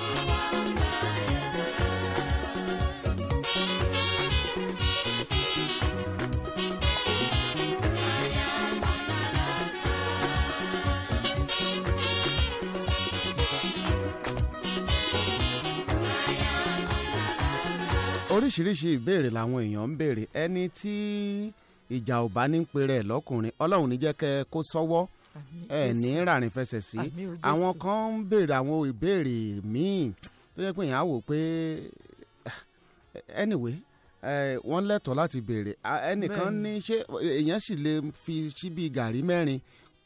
oríṣiríṣi ìbéèrè làwọn èèyàn ń béèrè ẹni tí ìjà ò bá ní pèrè ẹ̀ lọ́kùnrin ọlọ́run ní jẹ́ kẹ́ kó sọ́wọ́ ẹ ní ràrìn fẹsẹ̀ sí àwọn kan ń béèrè àwọn ìbéèrè míì tó jẹ́ pé èèyàn á wò pé anyway wọ́n lẹ́tọ̀ọ́ láti béèrè ẹnìkan ní ṣé èèyàn sì lè fi ṣíbí gàrí mẹ́rin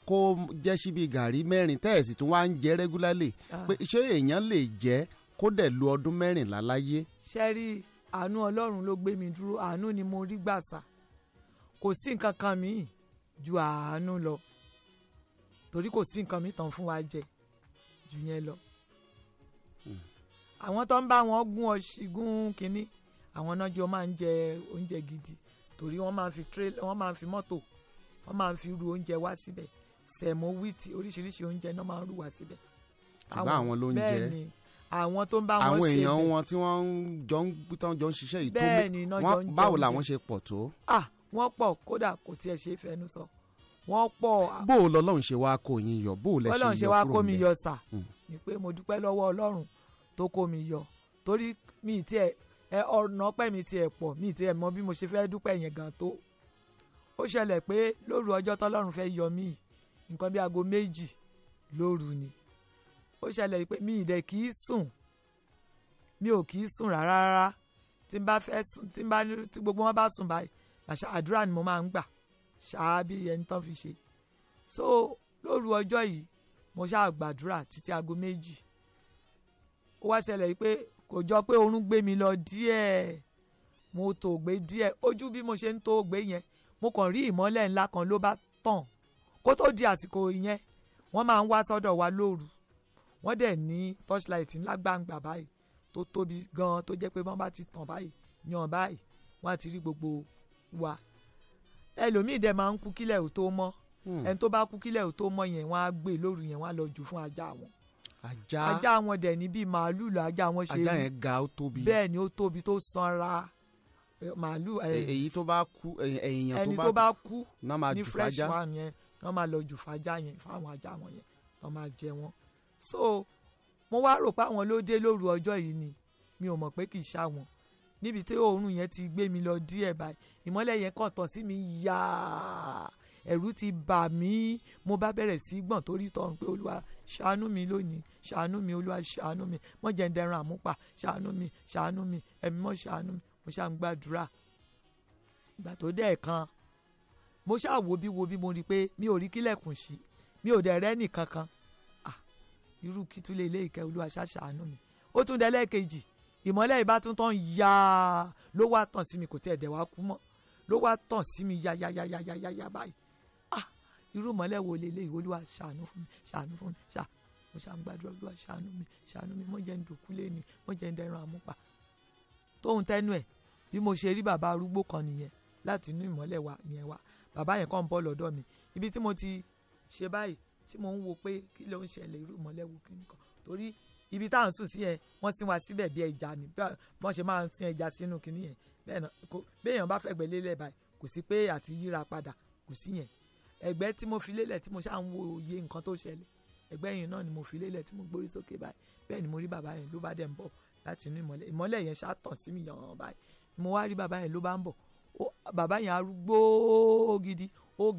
kó jẹ́ ṣíbí gàrí mẹ́rin tẹ́ẹ̀sì tí wọ́n á ń jẹ regularly ah. pé ṣé èèyàn lè jẹ́ kó dẹ̀ lu ọdún mẹ́rìnlá láyé. ṣẹ́rí àánú ọlọ́run ló gbé mi dúró àánú ni mo rí gbàsà kò sí nǹkan kan míì ju àánú lọ torí kò sí nǹkan míì tán fún wa jẹ jù yẹn lọ. Hmm. àwọn tó ń bá wọn gún ọṣì gún kínní àwọn náà jọ máa ń jẹ oúnjẹ gidi torí wọ́n máa ń fi tírélà wọ́n máa fi mọ́tò wọ́n máa fi ru oúnjẹ wá síbẹ̀ sẹ̀mó wíìtì oríṣiríṣi oúnjẹ náà máa ń rù wá síbẹ̀. àwọn bẹ́ẹ̀ ni àwọn tó ń bá wọn ṣe bẹ́ẹ̀. àwọn èèyàn wọn tí wọ́n jọ ń tán jọ ń ṣiṣẹ́ yìí tó mẹ́ báwo làwọn ṣe pọ̀ tó. ah wọ́n pọ̀ kódà kò tiẹ̀ ṣe fẹnu sọ wọ́n pọ̀. bó o lọ́lọ́run ṣe wá kó yín yọ bó o lẹ́ ṣe yọ kúrò mi. ọlọ́run ṣe wá kó mi yọ sà hmm. ni pé mo dúpẹ́ lọ́wọ́ ọlọ́run tó kó mi yọ torí mi tiẹ̀ ẹ ọ̀nà pẹ́ mi tiẹ̀ pọ̀ mi tiẹ̀ mọ bí mo ṣe fẹ́ dúpẹ́ yẹn gan tó ó ṣẹlẹ̀ pé lóru ọjọ́ tọ́lọ́run fẹ́ yọ mí nǹkan bí aago méjì lóru ni ó ṣẹlẹ̀ pé mi ì dẹ̀ kì í sùn mi ò kì í sùn rárá rárá tí n bá fẹ́ sùn tí n bá ní tí gbogbo wọn bá sùn báyìí àṣà àdúrà ni mo máa ń gbà ṣáá bí ẹni tán fi ṣe so lóru ọjọ́ yìí mo ṣáà gbàdúrà títí aago méjì ó wá ṣẹlẹ̀ pé kò jọ pé oorun gbé mi lọ díẹ̀ mo tò gbé díẹ̀ ojú bí mo ṣe ń tó gbé yẹn mo kàn rí ìmọ́lẹ̀ ńlá kan ló bá tàn kó tó di àsìkò yẹn wọ́n máa ń wá sọ́dọ̀ wa lóru wọ́n dẹ̀ ní torchlight ńlá gbangba báyìí tó tóbi gan-an tó jẹ́ pé wọ́n bá ti tàn báyìí yan báyìí wọ́n á ti rí gbogbo wa ẹlòmíì dẹ̀ máa ń kú kílẹ̀ ò tó mọ́ hmm. ẹni tó bá kú kílẹ̀ ò tó mọ́ yẹn wọ́n á gbé lóru yẹn wọ́n á lọ jù fún ajá wọn ajá ajá wọn dẹ̀ ní bíi màálù lọ ajá wọn ṣe ajá yẹn ga ó tóbi bẹ́ẹ̀ ni ó tóbi tó sanra màálù e-, èyí tó bá kú èèyàn tó bá kú ẹni tó bá kú ní fresh one yẹn wọ́n máa lọ jù fún ajá yẹn fún àwọn ajá wọn yẹn wọ́n máa jẹ wọn so mo wá rò pé àwọn ló dé lóru ọjọ́ yìí ni mi ò mọ̀ pé kì í ṣá wọn níbi tí oòrùn yẹn ti gbé mi lọ díẹ̀ báyìí ìmọ́lẹ̀ yẹn kàn tàn sí mi yáa ẹ̀rù ti bà mí mo bá bẹ̀rẹ̀ sí gbọ̀n torí tọrùn pé olúwa ṣàánú mi lónìí ṣàánú mi olúwa ṣàánú mi mọ́ jẹ́ ṣàánú mi ṣàánú mi ẹ̀mí mọ́ ṣàánú mi mo ṣáà ń gbàdúrà ìgbà tó dẹ̀ kan mo ṣáà wo bí wo bí mo rí i pé mi ò rí kílẹ̀kùn sí mi ò dẹ̀ rẹ́ nìkankan irú kí tún lè lé ìkẹ́ olúwa ṣàṣàánú mi ó tún dẹ́lẹ́ kejì ìmọ́lẹ̀ ìbá tán ya ló wá tàn sí mi kò tẹ̀ dẹ̀ wá kú mọ́ ló wá tàn sí mi ya ya ya ya ya ya ya báyìí ah irú ìmọ́lẹ̀ wo lélẹ̀ ìwọ olúwa ṣàánú fún mi ṣàánú fún mi ṣà mo ṣàǹgbàdúrà olúwa ṣàánú mi ṣàánú mi mo jẹ́ ń dòkú lẹ́ni mo jẹ́ ń dẹran àmúpa tóun tẹ́nu ẹ̀ bí mo ṣe rí bàbá arúgbó kan nìyẹn láti inú ìmọ́lẹ̀ wa yẹn wa bàbá yẹn kàn ń bọ̀ lọ́dọ̀ mi ibi tí mo ti ṣe báyìí tí mò ń wo pé kí ló ń ṣẹlẹ̀ irú mọ̀lẹ́wù kí nìkan torí ibi tá à ń sùn sí yẹn wọ́n sin wa síbẹ̀ bí ẹja ni wọ́n ṣe máa ń sin ẹja sínú kinní yẹn bẹ́ẹ̀ náà béèyàn bá fẹ̀gbẹ́ lélẹ̀ báyìí kò sí pé àti yíra padà kò sí yẹn ẹ̀gbẹ́ tí mo fi lélẹ̀ tí mo ṣáà ń wo iye nǹkan tó ṣẹlẹ̀ ẹ̀gbẹ́ yẹn náà ni mo fi lélẹ̀ tí mo gbórí sókè báyìí bẹ́ẹ̀ ni mo rí bàbá yẹn ló bá dẹ̀ ń bọ̀ láti inú ìmọ́lẹ̀ gidi ó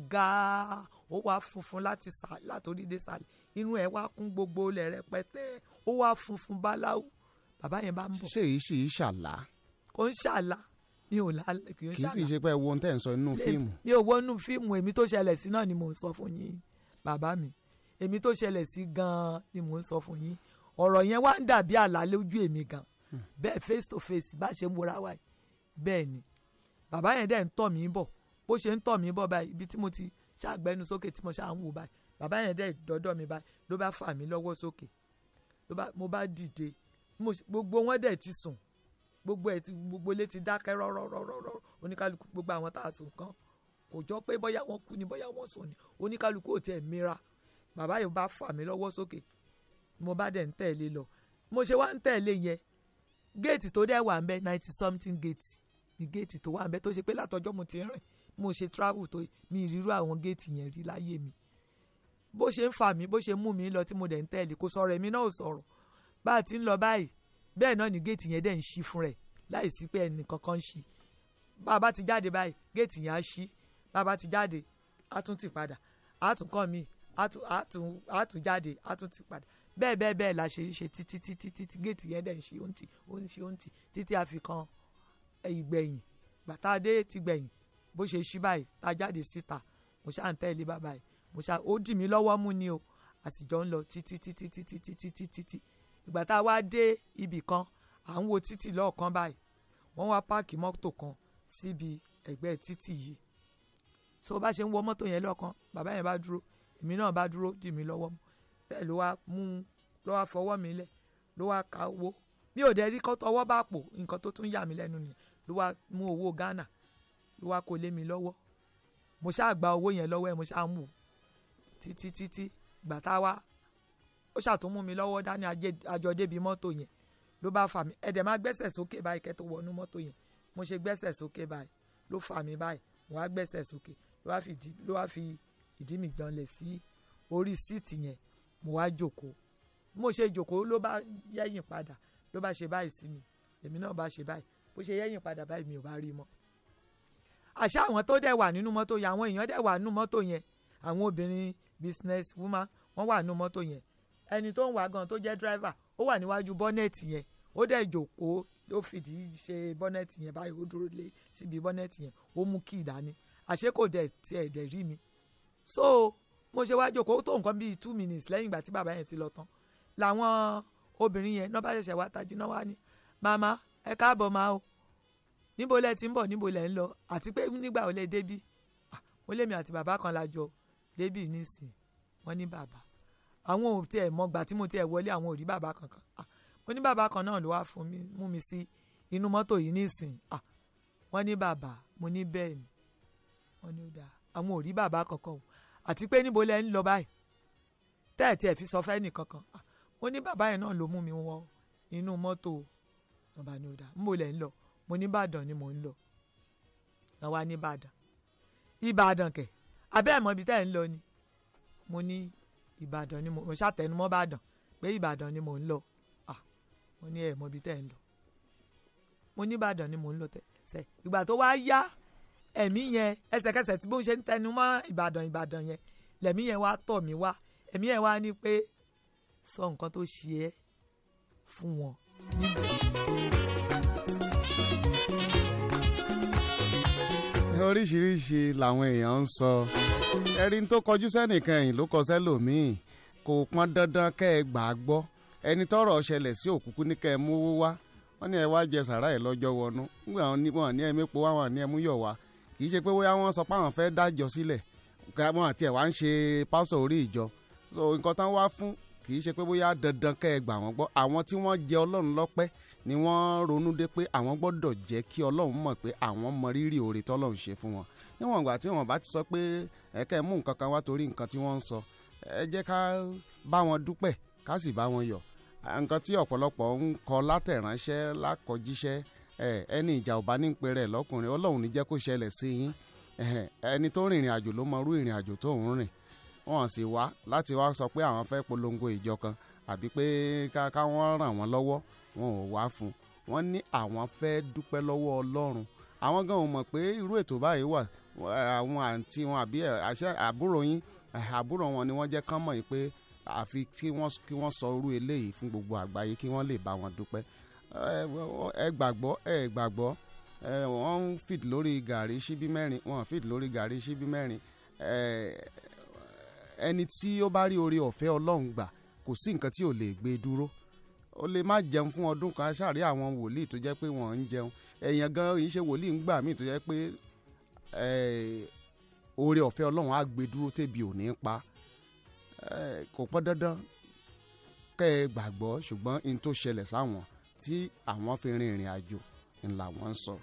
ó wá funfun láti sà látòrí dé sàlẹ̀ inú ẹ̀ wá kún gbogbo olè rẹpẹtẹ ó wá funfun báláwú bàbá yẹn bá ń bọ̀. ṣé èyí sì í ṣàlá. kò ń ṣàlá mi ò lá kì í ṣàlá. kì í sì ṣe pé wo ohun ń sọ nínú fíìmù. mi ò wo inú fíìmù èmi tó ṣẹlẹ̀ sí náà ni mò ń sọ fún yín bàbá mi èmi tó ṣẹlẹ̀ sí gan-an ni mò ń sọ fún yín ọ̀rọ̀ yẹn wá ń dàbí àlá lójú èmi gan hmm. bẹ́ẹ̀ face to face bá ṣe ń wora wáyé bẹ́ẹ̀ ni bàbá yẹn dẹ̀ ń tọ̀ mí bọ̀ bó ṣe ń tọ̀ mí bọ̀ báyìí ibi tí mo ti ṣàgbẹ́nu sókè tí mo ṣáà ń wò báyìí bàbá yẹn dẹ̀ dọ́dọ̀ mi báyìí ló bá fà mí lọ́wọ́ sókè mo bá dìde gbogbo wọn dẹ̀ ti sùn gbogbo ẹ̀ ti gbogbo ilé ti dákẹ́ rọ́rọ́rọ́rọ́ oníkálukú gbogbo àwọn tá a sùn kan kò jọ pé bóyá wọ́n kú ni bóyá wọ́n sùn ni oníkálukú ò tiẹ̀ mira bàbá yìí bá fà mí lọ́wọ́ sókè mo bá dẹ̀ ń tẹ̀lé lọ mo ṣe wá ń tẹ̀lé yẹn géètì tó dẹ̀ wà ń bẹ ninety something gate ni géètì tó wà ń bẹ tó ṣe pé látọjọ́ mo ti rìn mo ṣe travel tó mi ìrírú àwọn géètì yẹn rí láyé mi bó ṣe ń fà mí bó ṣe mú mi lọ tí mo dẹ̀ ń tẹ̀lé kò sọ̀rọ̀ èmi náà ò sọ̀rọ̀ bá a ti ń lọ báyìí bẹ́ẹ̀ náà ni géètì yẹn dẹ̀ ń ṣí fún rẹ̀ láì sí pé ẹnì kankan ń ṣí bá a bá ti jáde báyìí géètì yẹn á ṣí bá a bá ti jáde á tún ti padà á tún kàn mí á tún jáde á tún ti padà bẹ́ẹ̀ bẹ́ẹ̀ bẹ́ẹ̀ la ṣe ń ṣe títí títí títí géètì yẹn dẹ̀ ń ṣí ó ń tì ó títí a ìgbẹ̀yìn bàtà ti gbẹ̀yìn bó ṣe ṣí báyìí tá a jáde síta mo ṣáà ń tẹ̀lé bàbá yìí mo ṣáà ó dì mí lọ́wọ́ mú ni o àsìjọ ń lọ títí títí títí títí títí ìgbà tá a wá dé ibì kan à ń wo títì lọ́ọ̀kan báyìí wọ́n wá páàkì mọ́tò kan síbi ẹ̀gbẹ́ títì yìí so bá ṣe ń wọ mọ́tò yẹn lọ́ọ̀kan bàbá yẹn bá dúró èmi náà bá dúró dì mí lọ́wọ́ bẹ́ẹ̀ ló wá mú ló wá fọwọ́ mi lẹ̀ ló wá ka owó mi ò rí kọ́ tọwọ́ bá pò nǹkan tó tún yà mí lẹ́nu nìyẹn ló wá mú owó Ghana wá kó lé mi lọ́wọ́ mo ṣáà gba owó yẹn lọ́wọ́ ẹ̀ mo ṣáà mú títí títí gbà tá a wá ó ṣàtúnmú mi lọ́wọ́ dání àjọ débi mọ́tò yẹn ló bá fà mí ẹ̀dẹ̀ má gbẹ́sẹ̀ sókè báyìí kẹ́ tó wọnú mọ́tò yẹn mo ṣe gbẹ́sẹ̀ sókè báyìí ló fà mí báyìí mo wá gbẹ́sẹ̀ sókè ló wá fi ìdí mi gbọ́nlẹ̀ sí orí síìtì yẹn mo wá jókòó mo ṣe jókòó ló bá yẹ̀yìn padà ló bá ṣe báyìí sí mi èmi náà bá ṣe báyìí bó ṣe yẹ̀yìn padà báyìí mi ò bá rí mọ́ àṣà àwọn tó dẹ̀ wà nínú mọ́tò yẹn àwọn èèyàn dẹ̀ wà nínú mọ́tò yẹn àwọn obìnrin business woman wọ́n wà nínú mọ́tò yẹn ẹni tó ń wá gan tó jẹ́ driver ó wà níwájú bọ́nẹ̀tì yẹn ó dẹ̀ jòkóó ó fìdí ṣe bọ́nẹ̀tì yẹn báyìí ó dúró lé síbi bọ́nẹ̀tì yẹn ó mú kí ìdání àṣé kò dẹ̀ tiẹ̀ dẹ̀ rí mi so mo ṣe wá jòkóó tó nǹkan bíi two minutes lẹ́yìn ìgbà tí bàbá yẹn ti lọ tán làwọn obìnrin yẹn náà bá ṣẹ̀ṣẹ̀ wá tají náà wá ní màmá ẹ káàbọ̀ máa o níbo lẹ ti ń bọ̀ níbo lẹ ń lọ àti pé nígbà wo lẹ débí mo lémi àti bàbá kan la jọ débí nísìn wọ́n ní bàbá àwọn ò tiẹ̀ mọ̀gbà tí mo tiẹ̀ wọlé àwọn ò rí bàbá kankan mo ní bàbá kan náà ló wá fún mi mú mi sí inú mọ́tò yìí nísìn wọ́n ní bàbá mo ní bẹ́ẹ̀ ni wọ́n ní ó dáa àwọn ò rí bàbá kankan o àti pé níbo lẹ ń lọ báyìí tẹ́ẹ̀tì ẹ̀ fi sọ fẹ́ nìkankan ó ní bàbá yẹn náà ló mú mi wọ inú mọ́tò ọba ni ó dáa níbo lẹ ń lọ mo ní Ìbàdàn ni mò ń lọ wọn wá ní Ìbàdàn Ìbàdàn kẹ̀ abẹ́ ẹ̀mọ́ ibi tẹ́ ẹ̀ ń lọ ni mo ní Ìbàdàn ni mo ṣàtẹnumọ́ Ìbàdàn pé Ìbàdàn ni mò ń lọ ah mo ní ẹ̀mọ́ ibi tẹ́ ẹ̀ ń lọ mo ní Ìbàdàn ni mò ń lọ tẹ́sẹ̀ ìgbà tó wá yá ẹ̀mí yẹn ẹsẹ̀kẹsẹ̀ tí bó ń ṣe ń tẹnumọ́ Ìbàdàn Ìbàdàn yẹn lẹ̀mí yẹn wá tọ̀ mí wá ẹ̀mí yẹn wá ní pé sọ nǹkan tó ṣe é fún wọn níbẹ̀. oríṣiríṣi làwọn èèyàn ń sọ ẹ̀rín tó kọjú sẹ́nìkan ẹ̀yìn ló kọ sẹ́lòmíì kò pọn dandan kẹ́ ẹ gbà á gbọ́ ẹni tọrọ ṣẹlẹ̀ sí òkùnkùn ní kẹ́ ẹ mówó wá wọ́n ní ẹ wá jẹ sàrá ẹ lọ́jọ́ wọnú nígbà wọn ní ẹ mépo wá wọn ní ẹ mú yọ̀ wá kì í ṣe pé wọ́n sọ pé àwọn fẹ́ dájọ́ sílẹ̀ wọn àti ẹ̀ wá ń ṣe pásọ̀ orí ìjọ nǹkan tán wá fún kì í ṣe pé bóyá dandan kẹ́ ẹ gbà wọ́n gbọ́ àwọn tí wọ́n jẹ Ọlọ́run lọ́pẹ́ ni wọ́n ronú dé pé àwọn gbọ́dọ̀ jẹ́ kí ọlọ́run mọ̀ pé àwọn mọ rírì oore tọ́lọ́run ṣe fún wọn níwọ̀n ìgbà tí wọ́n bá ti sọ pé ẹ̀kẹ́ mú nǹkan kan wá torí nǹkan tí wọ́n ń sọ ẹ jẹ́ ká bá wọn dúpẹ́ ká sì bá wọn yọ̀ nǹkan tí ọ̀pọ̀lọpọ̀ ń kọ látẹ̀ránṣẹ́ lákọjíṣẹ́ ẹni ìjà ò bá ní pe rẹ̀ lọ́kùnrin ọlọ́run ní jẹ́ kó ṣẹlẹ̀ sí yín ẹni tó rìnrìn àjò ló mọ irú ìrìn àjò tó ń rìn wọn sì wá láti wá sọ pé àwọn fẹ́ polongo ìjọ kan àbí pé káwọn ràn wọ́n lọ́wọ́ wọn ò wá fún wọn ní àwọn fẹ́ dúpẹ́ lọ́wọ́ ọlọ́run àwọn gan ò mọ̀ pé irú ètò báyìí wà àwọn àǹtí wọn àbí àbúrò yín eh, àbúrò wọn ni wọ́n jẹ́ kán mọ̀ yìí pé àfi kí wọ́n kí wọ́n sọ irú eléyìí fún gbogbo àgbáyé kí wọ́n lè bá wọn dúpẹ́ eh, ẹ gbàgbọ́ ẹ gbàgbọ́ eh, wọ́n ń fìd lórí gàrí síbí mẹ́rin wọ́n ń fìd lórí gàrí síbí mẹ́rin ẹni tí ó bá rí oore ọ̀fẹ́ ọlọ́run gbà kò sí nǹkan tí ò lè gbé dúró ó lè má jẹun fún ọdún kan ṣàrí àwọn wòlíì tó jẹ́ pé wọ́n ń jẹun èèyàn gan yìí ṣe wòlíì ń gbà míì tó jẹ́ pé oore ọ̀fẹ́ ọlọ́run á gbé dúró tẹ́bi ò pa kò pọ́n dandan kẹ́ ẹ gbàgbọ́ ṣùgbọ́n n tó ṣẹlẹ̀ sáwọn tí àwọn fi rin ìrìn àjò ńlá wọn sọ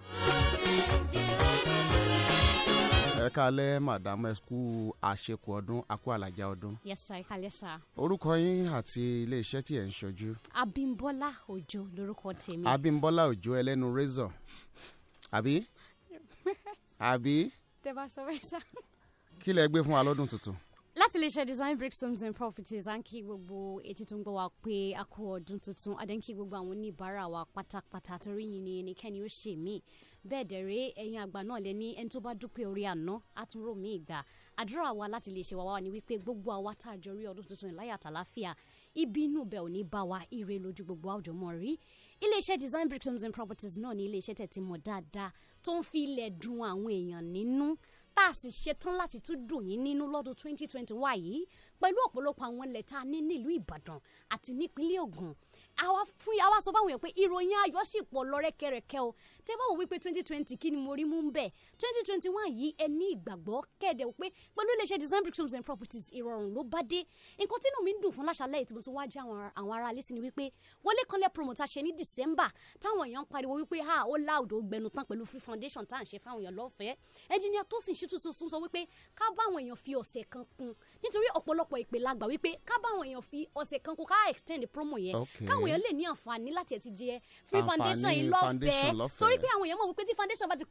ẹ káalẹ́ madam ẹ àṣekù ọdún akú àlàjá ọdún. yes sir ẹ sir. orúkọ yín àti iléeṣẹ́ tí ẹ̀ ń ṣojú. abímbọ́lá òjó lorúkọ tèmi. abímbọ́lá òjó ẹlẹ́nu razor àbí àbí. tẹ sọ bẹ́ẹ̀ sá. kí lẹ gbé fún wa lọ́dún tuntun láti lè ṣe design bricks homes and properties à ń kí gbogbo etí tó ń gbọ́ wa pé a kú ọdún tuntun a ń kí gbogbo àwọn oníbàárà wa pátápátá torí yìí ni ẹnikẹ́ni ó ṣe mí bẹ́ẹ̀ dẹ̀rẹ́ ẹ̀yin àgbà náà lè ní ẹni tó bá dúpẹ́ orí àná àtúnrò mí ìgbà àdúrà wa láti lè ṣe wá wá ni wípé gbogbo àwa tá a jọ rí ọdún tuntun ìláyà tàlàáfíà ibi inú bẹ́ẹ̀ ò ní bá wa ire lójú gbogbo àwùjọ mọ́ rí iléeṣẹ́ design brick homes and properties náà ní iléeṣẹ́ tẹ̀tí mọ̀ dáadáa tó ń fi ilẹ̀ dùn àwọn èèyàn nínú tá a sì ṣetán láti tún dùn yín nínú lọ́dún 2021 yìí pẹ̀lú ọ̀pọ̀lọpọ̀ àwọn ilẹ̀ tá a ní nílùú Ìbàdàn àti nípínlẹ̀ Ògùn àwa sọ fáwọn èèyàn pé ìròyìn ayọ̀ sì pọ̀ lọ o tẹ́ bá wò wípé twenty twenty kí ni mo rí mú bẹ́ẹ̀ twenty twenty one yìí ẹ ní ìgbàgbọ́ kẹ́ẹ̀dẹ̀ pé pẹ̀lú iléeṣẹ́ design bricks and properties ìrọ̀rùn ló bá dé nǹkan tí inú mi ń dùn fún láṣálẹ̀ ètò tó wá jẹ́ àwọn ará alẹ́ sí ni wípé wọlé kanlẹ̀ promoter ṣe ní december táwọn èèyàn ń pariwo wípé ha ó láòdò gbẹnu tán pẹ̀lú free foundation tá à ń ṣe fáwọn èèyàn lọ́fẹ̀ẹ́ engineer tó sì ń ṣítú tuntun sọ wípé ká bá àwọn èèyàn fi ọ̀sẹ̀ kan kún nítorí ọ̀pọ̀lọpọ̀ ìpè la wípé ká bá àwọn èèyàn fi ọ̀sẹ̀ kan kún ká extend promo yẹn káwọn èèyàn lè ní àǹfààní láti ẹ̀ ti jẹ free foundation yìí lọ́fẹ̀ẹ́ torí pé àwọn èèyàn mọ̀ wípé tí foundation bá ti